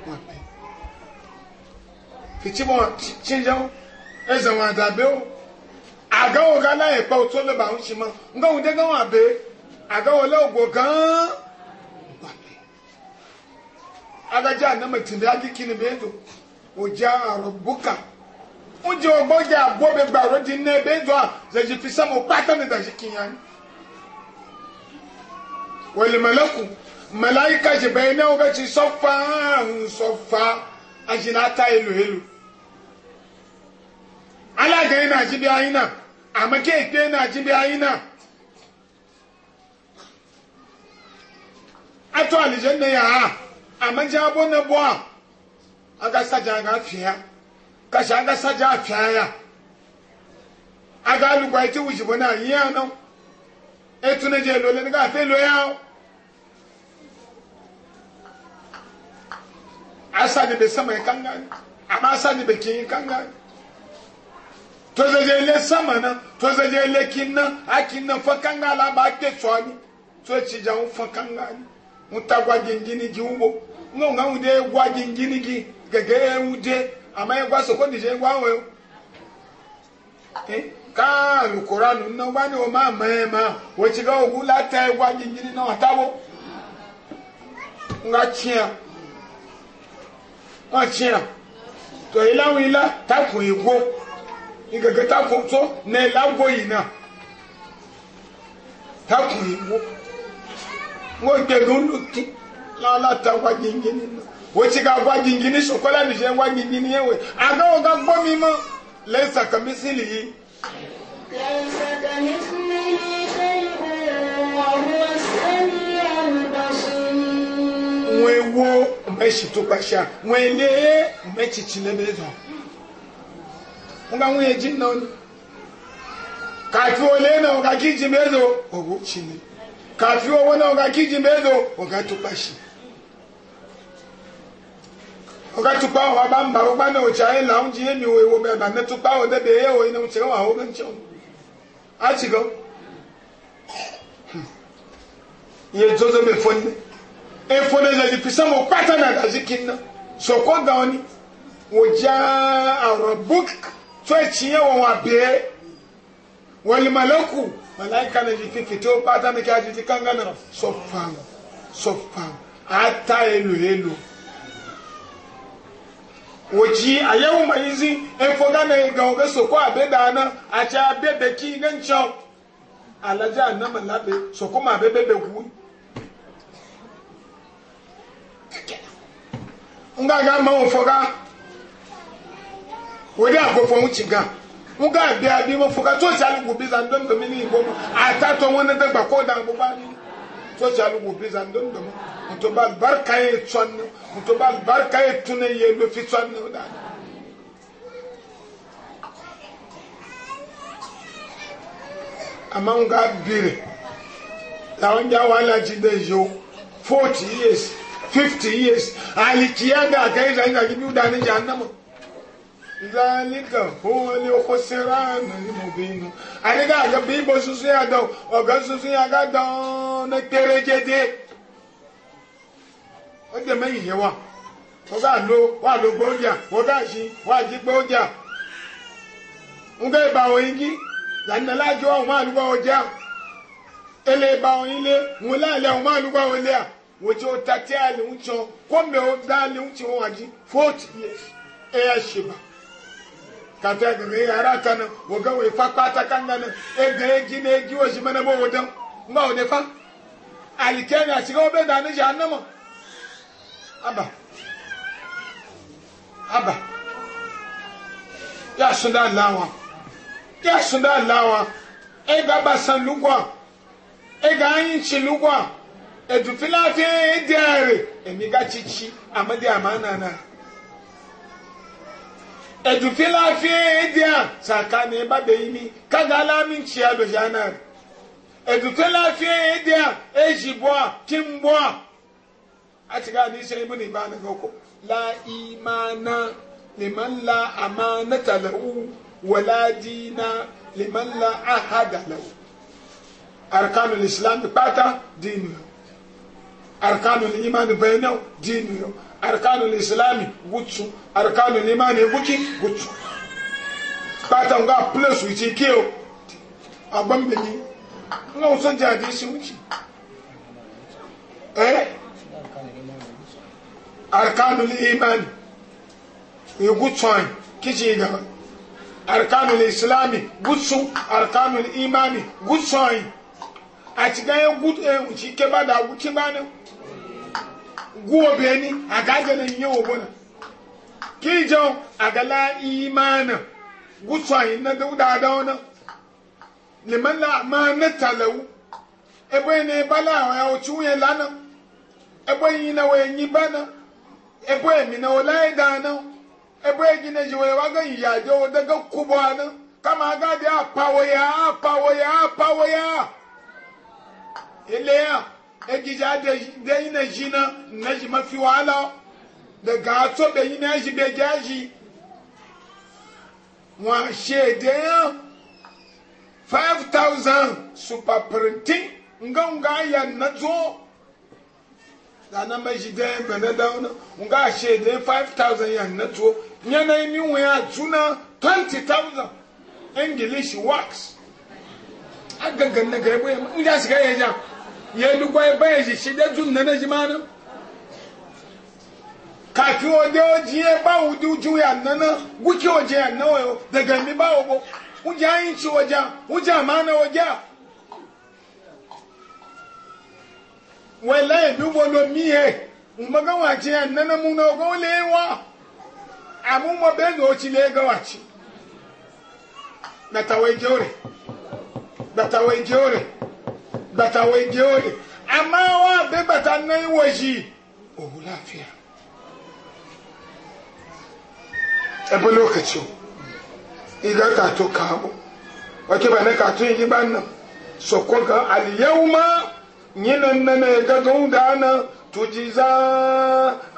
wa be fiti mo chinja e za wa da be o aga o ga la e pa o to le ba hunci ma nga de ga wa be agawala ogo gan agaja anama tìǹbì akíkiri bẹ́ẹ̀dọ̀ ọjà àrùbùkà oúnjẹ ọgbọ́jà àgbọ̀bẹ̀gbà àròjì ní ẹbẹ́ẹ̀dọ̀ à zẹ̀jì fi sẹ́mu pátá ní ìdajì kìnyàn wẹ̀lẹ̀mẹ̀lẹ́kù mẹ̀láyíkà jìbẹ̀ iná ọgbẹ́ ti sọ́fà àrùn sọ́fà àjìnàta èlòèlò alága iná àjíbí ayíná àmọ́kẹ́ ìpé iná àjíbí ayíná. ato alijanna ya ha amma ji na buwa a ga saja ga fiya kashi a ga saja a fiya ya a ga alugba ita wuce bana yi etu na je lole ni ga fe lo ya asa ni be sama kan ga amma asa ni be kin kan sama na to zaje le kin fa kan ga la ba ke so ni to ci jan fa kan ni ntagwa gị ngini gị ugbo nga nga nwude egwa gị ngini gege enwude ama egwa sokwo dije egwa eh, ka alukora nu nna ni o ma ma ẹ ma o ti ka ogun lata egwa gị na nga chia nga chia to ila takun igwo igege takun na ila gwo yi na takun igwo. wọ́n gbẹ̀rún lòtí lálátà wá gíngíní náà wọ́n ti ka wá gíngíní sọ̀kọ́lá nìṣẹ́ wá gíngíní yẹn wẹ̀ àgbọ̀wọ̀n ká gbọ́ mi mọ́ lẹ́sà kàmí sí lìyí. lẹ́sà kàmí sí lìyí sẹ́yìn ọ̀hún sẹ́yìn àlùbáṣe. wọ́n wo mẹ́sì tó pàṣà wọ́n lé mẹ́sì tì lẹ́bẹ̀ẹ́ tán. wọ́n ká wọ́n yẹ jí náà ni kàtí olè náà o òwò tì ní kàfi owó náà ọ̀gá kíjì mélòó ọ̀gá tupa ṣì ọ̀gá tupa ọ̀hún ọba ń bà ọgbà náà ọ̀chà ayé làwọn jí èmi wo ewo bẹ̀rẹ̀ bàmẹ́ tupa ọ̀hún bẹ́ẹ̀ bẹ́ẹ̀ ẹ̀wọ̀ iná ń tẹ̀wọ̀ àwọn ọ̀gá ń tẹ̀wọ̀ á ti gọ́ mi fún ni efo ne lè fi sẹ́mu pátá náà dàsí kí ná sọ̀kọ́ gan ni wọ́n já àrùn búk tó ẹ̀kí yẹn wọ́n wà bẹ́ẹ̀ malaika na jifi kito pata mi ka jifi kanga na sofam sofam ata elu elu woji ayewu mayizi efoga na ga obe soko na acha abebe ki ne ncho alaja na malabe soko ma abebe be ku nga ga ma ofoga wodi agofo wuchi nga bi abi mo foka to cha lugu bi zan dom kami ni bomo ata to wona da ba ko dan bo ba ni to cha bi zan dom dom to ba barka e tson to ba barka e tune ye lo fi tson no da amma nga bire la wanja wala ji de jo 40 years fifty years alikiyada kai zan ga bi da ni jahannama zalika huwa al-khusran al-mubin ani ga susu ya do o susu ya ga do na kere jede o de meyin ye wa o ga lo wa lo gbo o ga si wa ji gbo ja n ga ba o igi la na o ma lu o ja ele ba o ile n la o ma lu o le a wo o tati ale un chon ko o da le un o wa ji 40 years e ya shiba kata gbe ara ta ne woga wo fa kpata kanga ne ege eji ne eji wo zimene bo wo dem nga wo ne fa alike na siga wo be da ne ja ne mo aba aba ya sunda lawa ya sunda lawa e ga ba san lugwa e ga yin chi lugwa edufilati dere emi ga chichi amade amana na edufi lafiya diya tsakani ba da yi mi kaga alamin ciya da jana edufi lafiya diya eji buwa kin buwa a ci gani sai ibu ne ba na gauko la imana liman la amanata lahu wala dina liman la ahada lahu arkanul islam pata dinu arkanul iman bayanau dinu arkanul islami gutsu arkanul imani guki gutsu pata nga plus witi kio abambeni nga uso jadi si wiki eh arkanul imani gutsu an kici ga arkanul islami gutsu arkanul imani gutsu an a cikin gutu eh wuci ke bada wuci bane guwa biyani a gaje na yin bana ki jau a ga la imana gutsa yin na dauda da wani liman la ma na talau ebe ne bala ya wuce wuye lana ebe yi na wayan yi bana ebe mi na wala ya dana ebe na ji waya waga yi ya jau daga kubuwa nan kama ga da ya pawo ya pawo ya pawo ya ile ya egija da yi na ji na na ji mafi wahala da gato da yi na ji da jaji wa shedeyan 5,000 super printing nga nga ya na zo da na maji da ya bane da wani nga shedeyan 5,000 ya na zo yanayi ni wuya tuna 20,000 english works agagan na gaibu ya ma in ja shiga ye lugwa ye baye ji shide jun nana ji mana kaki o de o jiye ba wudu ju ya nana guki o je na o daga mi ba obo unja yin chi oja unja mana oja wala e du bolo mi he umaga wa ji ya nana mu na ogo le wa amu mo be go chi le go wa chi na tawe jore na tawe jore bàtà wo ìdí òye àmọ́ wọn àbí bàtà náà ìwọ̀ yìí òwú láàfin ẹbí lókèjì o ìdá kàtó kààbọ̀ wàtí bàtà kàtó yìí bá nà sọ̀kọ́ gan àlìyẹ́wò má nyina nana gàgàn dáná tujizá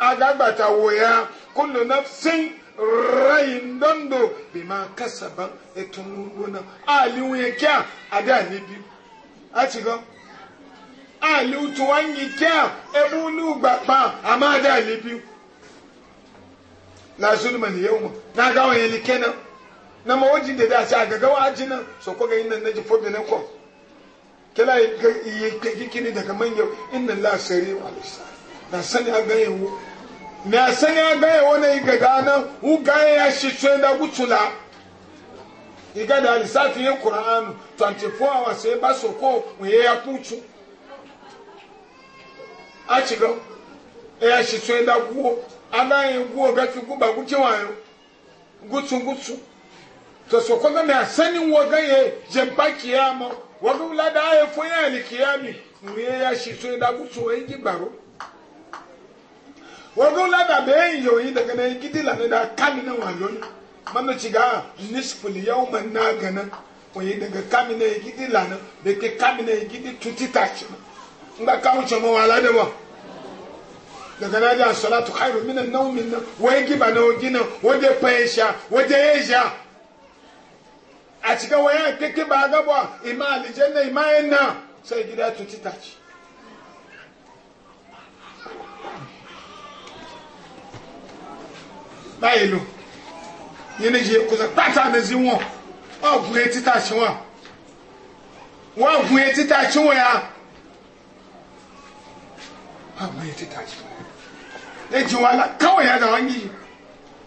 agbàgbàtà wò ya kúlù náà sìn rayin dondo bí máa kásábà ètò ńlọrọ náà àlìwò yẹn kíá a ci gan alu tuwanyi kyau ebu nu gbapa a ma da alibi la zulman yau ma na gawa ya li kenan na ma wajen da da ci a gagawa aji nan so ko ga yin nan na ji fobi na kwa kila yi kikini daga manyan inna la sari wa alisa na sani a ganyen wo na sani a ganyen wo na yi gaga nan wu ganyen ya shi tsoye da gutula iga da lissafi yin ƙura'anu 24 hours sai ba su ko wuye ya kucu a ciga ya shi da guwo ana yin guwo gafi guba guce wayo gutsu gutsu to so ko na sanin waga ye jempa kiyama waga wula da aye fo ya ni kiyami wuye ya shi so da gutsu wai gibaro waga wula da bayan yoyi daga na gidila ne da kamina wayo ne mana ci ga nisful yawma na gana oye daga kamina ya gidi lana da ke kamina ya gidi tuti tashi in ba kawo ce ma wala da ba daga na da salatu khairu min an-nawm na waye giba na gina waje faysha waje yesha a cikin waya kike ba ga ba ima aljanna ima yanna sai gida tuti tashi báyìí lò yene je kò sọ pátá mezi wọn ọgùn etí tá a ṣe wọn wọn gùn etí tá a ṣe wọn ya wọn etí tá a ṣe wọn ya ejì wọn la káwọn ya dà wọn yìí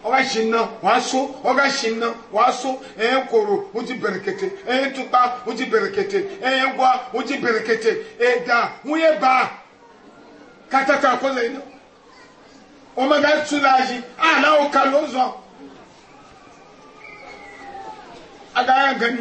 wọn bá ná wọn aso wọn bá ná wọn aso ẹyẹ koro wọn ti bẹrẹ kété ẹyẹ tupa wọn ti bẹrẹ kété ẹyẹ gba wọn ti bẹrẹ kété ẹdá wọn yẹ bá kátàtà kọlẹ yìí náà wọn bá ká tu àná wọn ló zọ. 阿干跟你。